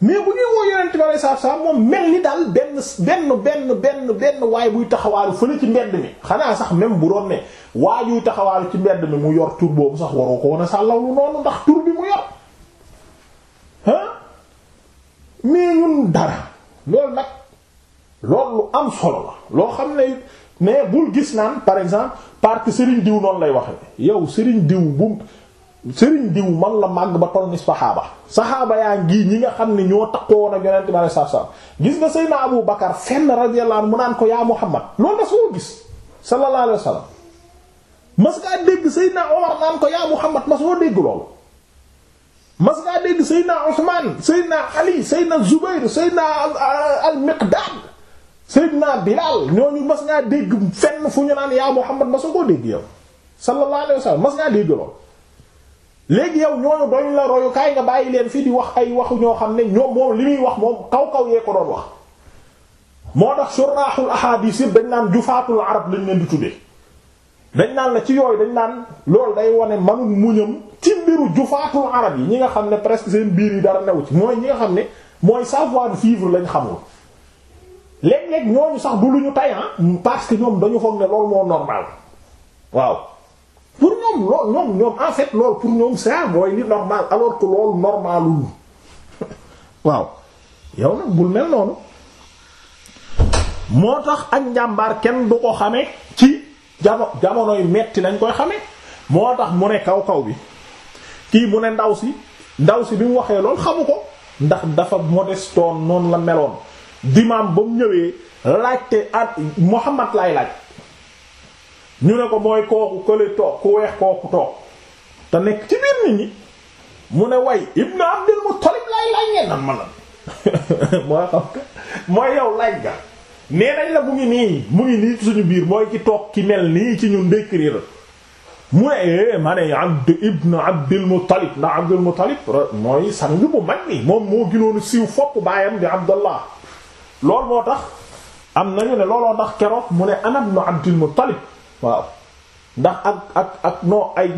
mais bu ñuy woo yonent bi alei satu salaam moom mel ni daal benn benn benn benn benn waay buy taxawaalu fële ci mbedd mi xanaa sax même bu doon ne waajuy taxawaalu ci mbedd mi mu yor tur boobu sax waroo ko woon a sàllawlu noonu ndax tur bi mu yor ah mais dara loolu nag loolu lu am solo la loo xam ne mais bul gis naan par exemple parce que Serigne diw noonu lay waxe yow Serigne diw bu Serigne diw man la màgg ba toll ni saxaaba saxaaba yaa ngi ñi nga xam ne ñoo takkoon ak yonent bi sallallahu alayhi wasallam gis nga Seydina Abu Bakar fenn radiyallahu anhu mu naan ko yaa Muhammad loolu da soo gis sallallahu alayhi wasallam mas ngaa dégg Seydina Omar naan ko yaa Muhammad ma soo dégg loolu mas ngaa dégg Seydina Usman Seydina Ali Seydina Zubayr Seydina al Miqdad Seydina ñoo ñu mas ngaa dégg fenn fu ñu naan yaa Muhammad ma soo koo dégg yow sallallahu alayhi wa mas ngaa dégg lool léegi yow ñooñu doñ la royukaay nga bàyyi leen fii di wax ay waxu ñoo xam ne ñoom moom li muy wax moom kaw kaw yee ko doon wax moo tax suraaxul ahadis yëpp dañ naan jufaatul arab lañ leen di tuddee dañ naan la ci yooyu dañ naan loolu day wane manul muñam ci mbiru jufaatul arab yi ñi nga xam ne presque seen biir yi dara new ci mooy ñi nga xam ne mooy savoir vivre lañ xamul léeg-léeg ñooñu sax du lu ñu tay ah, parce que ñoom dañu foog ne loolu moo normal waaw pour ñoom ñoom ñoom en fait loolu pour ñoom ça mooy li normal alors que loolu normalul [laughs] waaw yow nag bul mel noonu moo tax ak njàmbaar kenn du ko xame ci jamo yu metti lañ koy xame moo tax mu ne kaw kaw bi kii mu ne ndaw si ndaw si bi mu waxee lool xamu ko ndax dafa modestoon noonu la meloon dimaam ba mu ñëwee laajte at Muhammad lay laaj ñu ne ko mooy kooku kële toog ku weex kooku toog te nekk ci biir nit mu ne way Ibn Abdul Muttalib lay laaj ngeen nan ma lan [laughs] mooy xam nga mooy yow laaj nga nee nañ la mu ngi nii mu ngi nii suñu biir mooy ci toog ki mel nii ci ñun décrire mu ne eh, ma ne abd ibn abdul muttalib ndax abdul muttalib mooy sang bu mag ni moom moo ginoonu siiw fopp baayam di abdallah loolu moo tax am nañu ne looloo tax keroog mu ne anam ibnu Abdul Muttalib waaw ndax ak ak ak non ay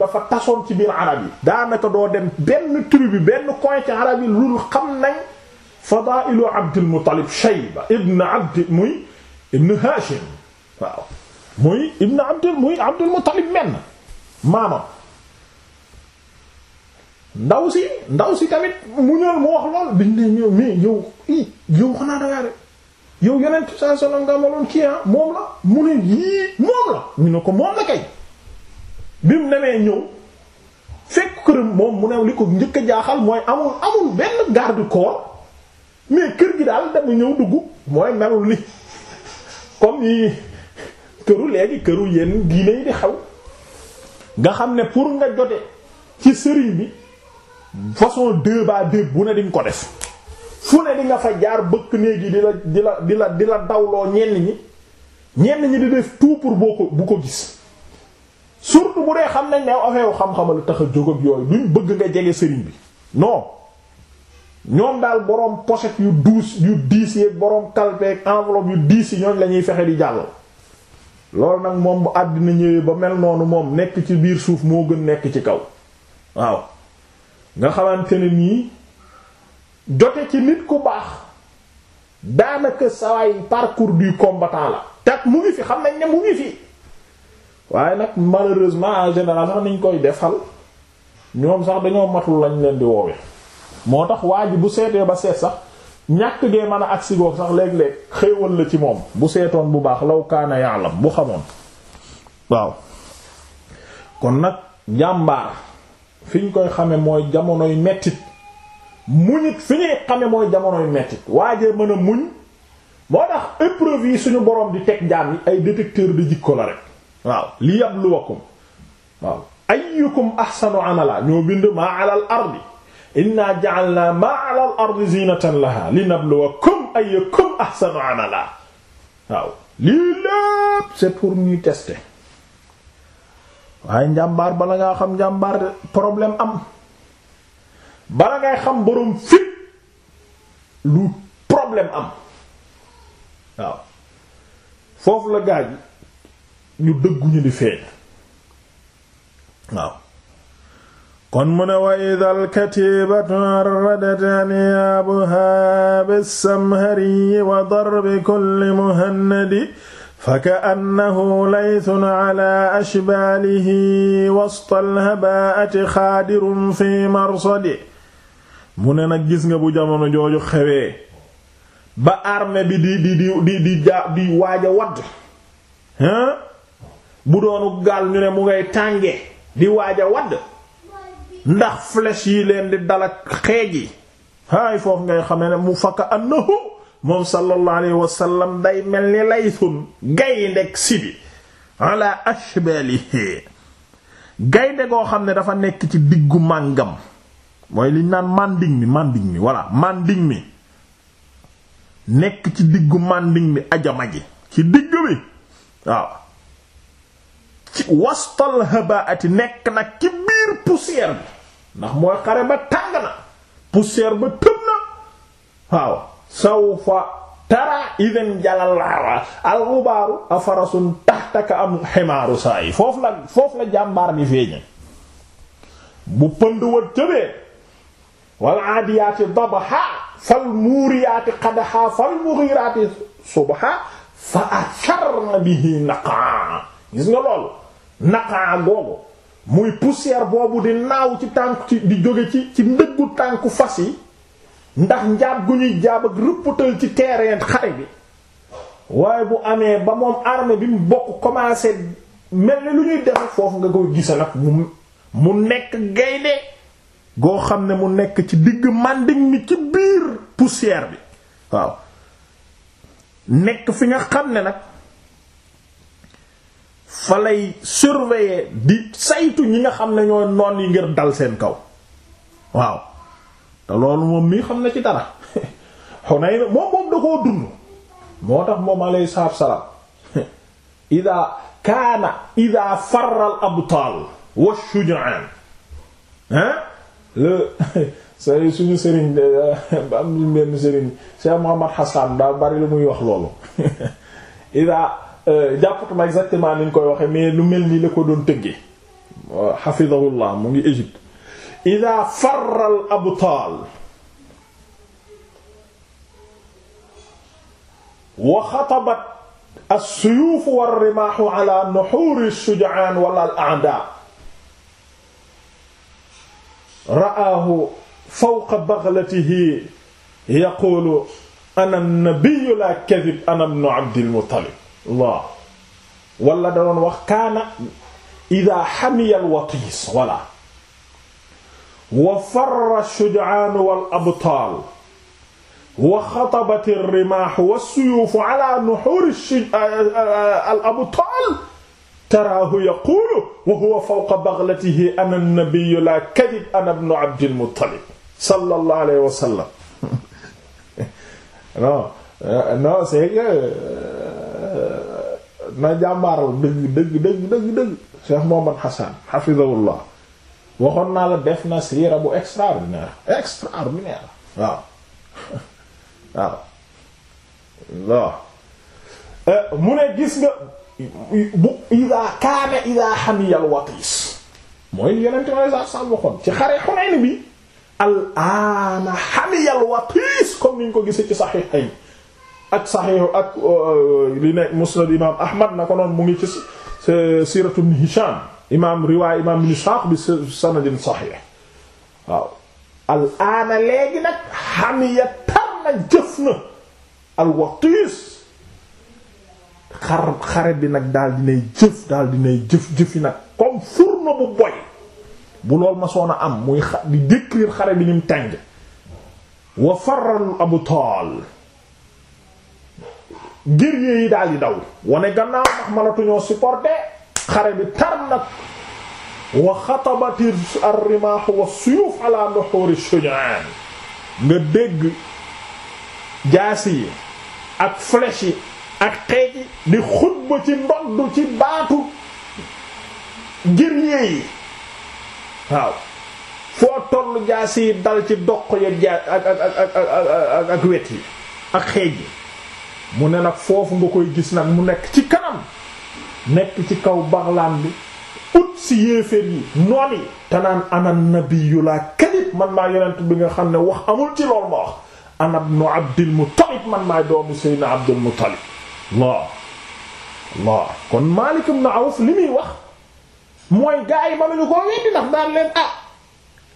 dafa tasoon ci biir arab yi daanaka doo dem benn tribu benn coin ci arab yi lul xam nañ fadailu Abdul Muttalib Shayba ibn Abd muy ibn Hashim muy ibn Abd muy Abdul Muttalib ndaw si ndaw si tamit mu ñëw mu wax lool biñ ne ñëw mais yow i yow xanaa dangaa rek yow yeneen saa soxna nga amaloon kii ah moom la mu ne yii moom la ñu ne ko moom la kay bi mu demee ñëw fekk këram moom mu ne li ko njëkk a jaaxal mooy amul amul benn garde corps mais kër gi daal dama ñëw dugg mooy melul li comme yi këru léegi këru yenn diine yi di xaw nga xam ne pour nga jote ci sëriñ bi. façon deux ba bu ne di ko def fu ne di nga fa jaar bëkk néeg yi di la di la di dawloo ñenn ñi ñenn ñi di def tout pour boo ko bu ko gis surtout bu dee xam nañ ne affaire xam-xamal tax a jóg ak yooyu duñ bëgg nga jege sëriñ bi non ñoom daal boroom pochette yu douce yu diis yi borom calpe enveloppe yu diis yi ñooñ lañuy ñuy fexe di jàll. loolu nag moom bu àddina ñëwee ba mel noonu moom nekk ci biir suuf moo gën nekk ci kaw waaw. nga xamante ne nii jote ci nit ku baax daanaka sawaay parcours du combattant la te mu ngi fi xam nañ ne mu ngi fi waaye nag malheureusement en général sax niñ koy defal ñoom sax dañoo matul lañ leen di woowe moo tax waa ji bu seetee ba seet sax ñàkk gee mën a agsi goog sax léeg-léeg xéewal la ci moom bu seetoon bu baax law kaana yàlla bu xamoon waaw kon nag jàmbaar fi ñu koy xame mooy jamonoy mettit muñit fi ñuy xame mooy jamonoy mettit waajee mën a muñ moo tax épreuve yi suñu borom di teg jaam yi ay détecteur de jikko la rek waaw li yabluwakum waaw ayyukum ahsanu amala ñoo bind maa ala ardi inna ja'alna maa ala al ardi zinatan laha linabluwakum ayyukum ahsanu amala waaw lii lépp c'est pour ñuy tester waaye njàmbaar bala ngaa xam njàmbaar problème am bala ngay xam boroom fit lu problème am waaw foofu la gaaj ñu dëgguñu di feeñ waaw kon mu ne wa idal katibatu arradat aniyaabuha bisamhari wa darbi kulli muhannadi فكأنه ليث على أشباله وسط الهباءة خادر في مرصده mu ne nag gis nga bu jamono jooju xewee ba armée bi di di di di di ja di waaj a wadd bu doonu gaal ñu ne mu ngay tànge di waaj wadd ndax flèche yi leen di dal ak xeej yi haay foofu ngay xamee ne mu fakka annahu moom sallallahu alayhi wa sallam day mel ni laytun gayndeg sibi ala ashbalihi gaynde goo xam ne dafa nekk ci diggu màngam mooy liñ naan manding mi manding mi voilà manding mi nekk ci diggu manding mi ajama ji ci digg bi waaw ci wastal habaati nekk nag ci biir poussière bi ndax mooy xare ba tàng na poussière ba tëb na waaw sawfa tara idan jalal alxubaaru afarasun taxtaka am ximaaru saa yi foofu la foofu la jàmbaar mi feeñe bu pënd wat jëlee wal aadiyaati dabha fal muuriyaati qadha fal mughiraati subha fa atharna bihi naqa gis nga loolu naqa googu muy poussière boobu di naaw ci tànk ci di jóge ci ci ndëggu tànku fas yi ndax njaab gu ñuy jaab ak rëppatal ci terrain xare bi waaye bu amee ba moom armée bi mu bokk commencé mel ni lu ñuy def foofu nga koy gisa nag mu mu nekk gaynde goo xam ne mu nekk ci diggu màndiŋ ni ci biir poussière bi waaw nekk fi nga xam ne nag fa lay surveiller di saytu ñi nga xam ne noon yi ngir dal seen kaw waaw te loolu moom mii xam na ci dara Hunayn moom koo dund moo tax moom alayhi salaatu wassalaam ida kaana ida farra al abtaal wa shuja'aan hein le say suñu sëriñ ba am ñu benn sëriñ Cheikh Mohammad Hassan daa bari lu muy wax loolu ida euh, jàppatuma exactement ni ñu koy waxe mais lu mel nii la ko doon tëggee xafidahullah mu ngi Égypte ida farra al abtaal wa xatabat as-suyuuf war rimaahu ala nuxuuri shujaan wala al a'daa ra'aahu fawqa baghlatihi yaquulu ana nabiyyu laa kadib ana ibnu abdil muttalib Allah wala da doon wax kaana ida hamiya al watiis wala wa farra shuj'aan wal abtaal wa xatabat ar-rimaah was-suyuuf ala nuhuur al abtaal taraahu yaquulu wa huwa fawqa baghlatihi ana an-nabiyyu laa kadhib ana ibnu Abdil Muttalib sallallahu alayhi wa sallam [laughs] non euh, non c'est que euh, na jàmbaaral dëgg dëgg dëgg dëgg dëgg Cheikh Mohamed Hassan hafizahullah waxoon naa la def na siira bu extraordinaire extraordinaire waaw waaw waaw euh, mu ne gis nga i idaa kaana idaa hamiyal watiis mooy yeneen ma sa sam waxoon ci xare Hunayn bi al aana hamiyal watiis comme ko gisee ci saxiixayn ak saxiixu ak euh, li ne musnad imaam Ahmad na ko noon mu ngi ci siiratu Ibn Hisham imaam riwaay imaam ibn Ishaq bi sanadin sahih waaw al aana nag hamiya tar na jëf na al xar xare bi nag daal dinay jëf daal dinay jëf jëfi nag comme fourneau bu boy bu lool ma soon a am muy xa xare bi nim tàng wa faral abtaal guerrier yi daal di daw wane gannaaw ndax mënatuñoo supporter xare bi tar nag wa xatabati ar-rimaahu wa suyuf ala nuhuri shujaan nga dégg jaasi yi ak flèche yi ak xeej yi di xutba ci ndodd ci baatu guerrier yi waaw foo tollu jaasi yi dal ci doq ya jaa ak wet yi ak xeej yi mu ne nag foofu nga gis nag mu nekk ci kanam nekk ci kaw baxlaan bi ut si yéeféer yi noon yi te naan ana nabiyyu laa kadib man maa yonent bi nga xam ne wax amul ci lool ma wax ana ibnu abdil muttalib man maay doomu seydina abdul muttalib laa laa kon maalik ibnu awf li muy wax mooy gaa yi mënuñu koo weddi ndax daan leen ah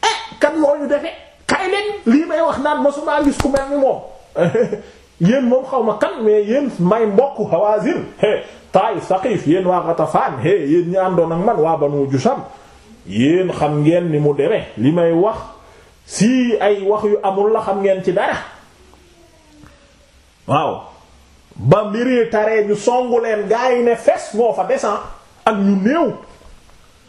ah kan loo ñu defe kay leen lii may wax naan masumaa gis ku mel ni moom [laughs] yéen moom xaw ma kan mais yéen may mbokk Hawazin he Taif Saqif yéen waa Ghatafan he yéen ñu àndoon ak man waa Banu Jusam yéen xam ngeen ni mu demee li may wax si ay wax yu amul la xam ngeen ci dara waaw ba mbiri taree ñu songu leen gaa yi ne fes moo fa desan ah, ak ñu néew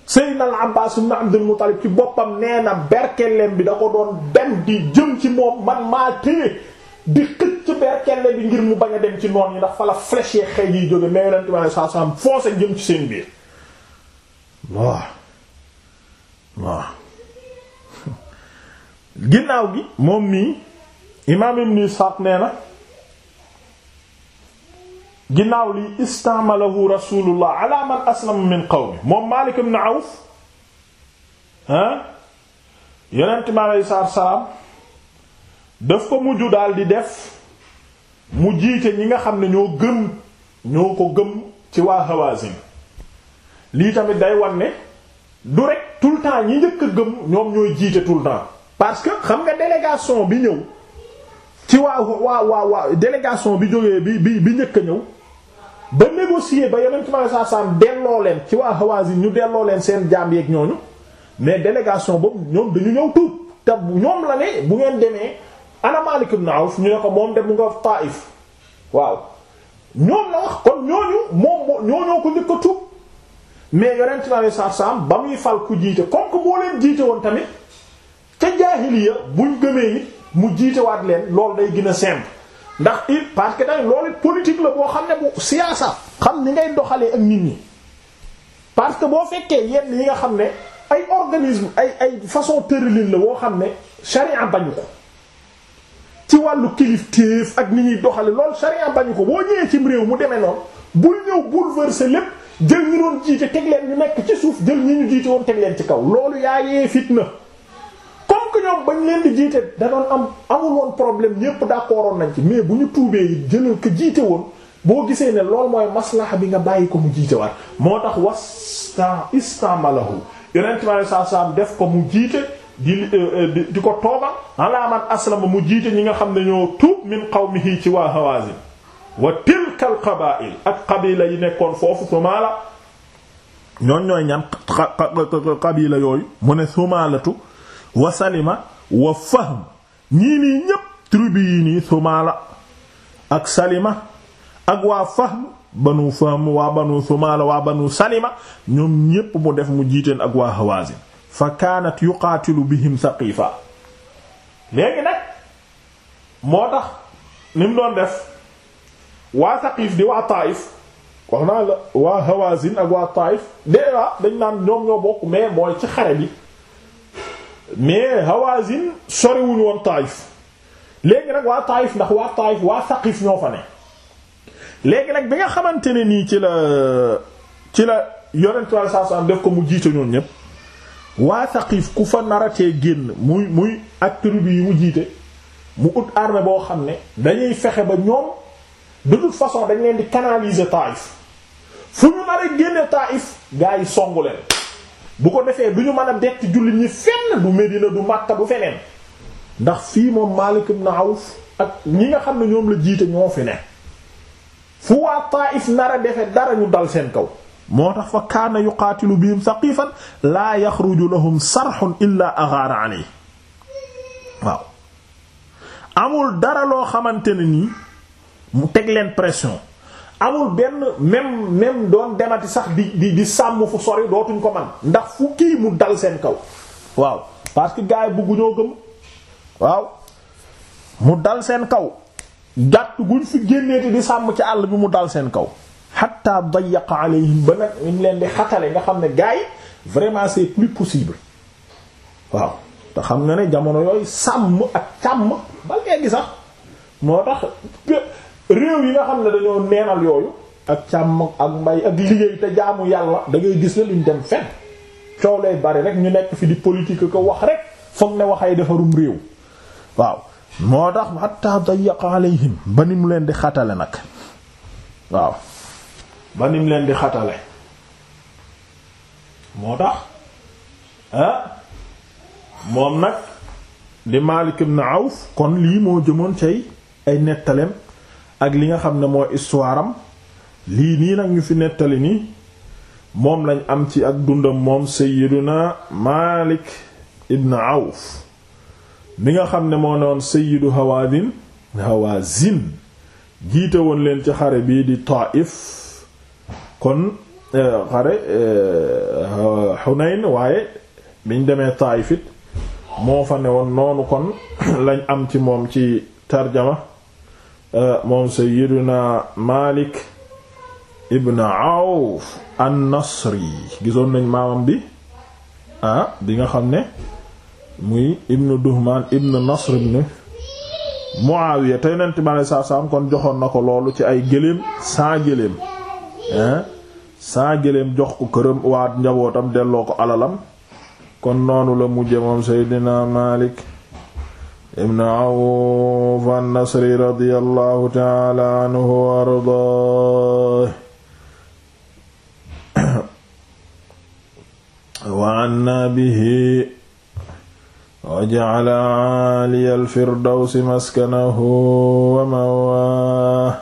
Seydina al Abbaas ibn Abdul Muttalib ci boppam nee na berkeleen bi da ko doon dem di jëm ci moom man maa téye di xëcc berkelle bi ngir mu bañ a dem ci noon yi ndax fa la flèche yee xëy jóge mais yonent bi sallallahu alayhi wasallam foncé jëm ci seen biir waaw waaw ginnaaw gi moom mii imaam ibn Isaaq nee na ginnaaw li istamalahu rasulullah ala man aslama min qawmi moom Maalik ibn Awf ah yonent bi sallallahu alayhi wasallam daf ko mujj daal di def mu jiite ñi nga xam ne ñoo gëm ñoo ko gëm ci waa Hawazin lii tamit day wan ne du rek tout le temps ñi njëkk a gëm ñoom ñooy jiite tout temps parce que xam nga délégation bi ñëw ci waa waa waa waa bi jógee bi bi bi njëkk ñëw ba négocier ba yeneen ci ma saa saam delloo leen ci waa Hawazin ñu delloo leen seen jaam yeeg ñooñu mais délégation boobu ñoom dañu ñëw tuub te ñoom la ne bu ngeen demee. ana Malik ibn ñu ne ko moom dem mu nga Taif waaw ñoom la wax kon ñooñu moom ñooñoo ko njëkk a tuub mais yonent bi alayhi salaatu salaam ba muy fal ku jiite comme que boo leen jiite woon tamit ca jaahiliya buñ gëmee it mu jiitewaat leen loolu day gën a simple ndax il parce que tamit loolu politique la boo xam ne bu siyaasa xam ni ngay doxalee ak nit ñi parce que boo fekkee yenn yi nga xam ne ay organisme ay ay façon tërëlin la boo xam ne charia bañu ci wàllu kilifteef ak ni ñuy doxale lool sharia bañu ko boo ñëwee cim réew mu demee noonu bul ñëw bouleverser lépp jël ñu doon jiite teg leen ñu nekk ci suuf jël ñi ñu jiite woon teg leen ci kaw loolu yaa yaayee fitna comme que ñoom bañ leen di jiite da am amul woon problème ñépp d'accordoon nañ ci mais bu ñu tuubee yi jëlal ko jiite woon boo gisee ne loolu mooy maslaha bi nga bàyyi ko mu jiite war moo tax wasta istamalahu yonent bi sallallahu alayhi def Euh, euh, di di ko toogal ala man aslama mu jiite ñi nga xam ne ñoo tuub min qawmihi ci waa Hawazin wa tilka al ak qabila yi nekkoon foofu sumaala ñoon ñooy ñan qabila yooyu mu ne sumaalatu wa salima wa fahm ñii ñépp tribu yi nii sumaala ak salima ak waa fahm banu fahm waa banu sumaala waa banu salima ñoom ñépp mu def mu jiiteen ak waa Hawazin fa kaanat yuqaatilu bihim saqiifa léegi nag moo tax ni doon def waa saqiif di waa taayif wax naa la waa hawazin ak waa taayif dee waa dañ naan ñoom ñoo bokk mais mooy ci xare bi mais hawazin soriwuñu woon taayif léegi nag waa taayif ndax waa taayif waa saqiif ñoo fa ne léegi nag bi nga xamante ne nii ci la ci la yonentu Yàlla sallallahu alayhi def ko mu jiite ñoom ñépp waa Saqif ku fa naratee génn muy muy ak tribu yi mu jiite mu ut armée boo xam ne dañuy fexe ba ñoom du toute façon dañ leen di canaliser Taïf fu ñu nar a génne Taïf gaa yi songu leen bu ko defee du ñu mën a detti jullit ñi fenn du Médina du Makka bu feneen ndax fii moom Malik ibn Awf ak ñi nga xam ne ñoom la jiite ñoo fi ne fu waa Taïf nar defe dara ñu dal seen kaw moo tax fa kaana yuqaatilu bihim saqifan laa yaxruju lahum sarxun illaa agaara aley waaw amul dara loo xamante ne nii mu teg leen pression amul benn même même doon demati sax di di di sàmm fu sori dootuñ ko man ndax fu kii mu dal seen kaw waaw parce que gars yi bëgguñoo gëm waaw mu dal seen kaw gàtt guñ fi génnee di sàmm ci àll bi mu dal seen kaw hatta dayaqa alayhim ba nag ñu leen di xatale nga xam ne gars yi vraiment c'est plus possible waaw te xam nga ne jamono yooyu sàmm ak càmm ba léegi sax moo tax réew yi nga xam ne dañoo neenal yooyu ak càmm ak mbay ak liggéey te jaamu yàlla da ngay gis ne luñ dem fenn coow lay bari rek ñu nekk fi di politique ko wax rek foog ne waxay defarum réew waaw moo tax hatta dayaqa alayhim ba ni mu leen di xatale nag waaw ba nim leen di xatale moo tax ah, moom nag di Maalik ibn Awf kon lii moo jëmoon cay ay nettalem ak li nga xam ne mooy histoire lii nii nag ñu fi nettali nii moom lañ am ci ak dundam moom Sayyiduna Maalik ibn Awf mi nga xam ne moo ne woon Sayyidu Hawaazin Hawaazin jiite woon leen ci xare bii di Taif kon xare euh, euh, Hunayn waaye biñ demee Taayif fit moo fa ne woon noonu kon [clears throat] lañ am ci moom ci tarjama euh, moom na Malik ibn Awf an-Nasri gisoon nañ maamam bi ah bi nga xam ne muy ibnu Duhman ibnu Nasr ibn Muawiya tey nent bi alei saatu salaam kon joxoon na ko loolu ci ay gëléem sans gëléem saa gëléem jox ko këram waa njabootam delloo ko alalam kon noonu la mujje moom seydina Maalik ibn Awf an-Nasri radiyallahu taala anhu wa ardaah bihi wa ja'ala 'aaliya al-firdawsi maskanahu wa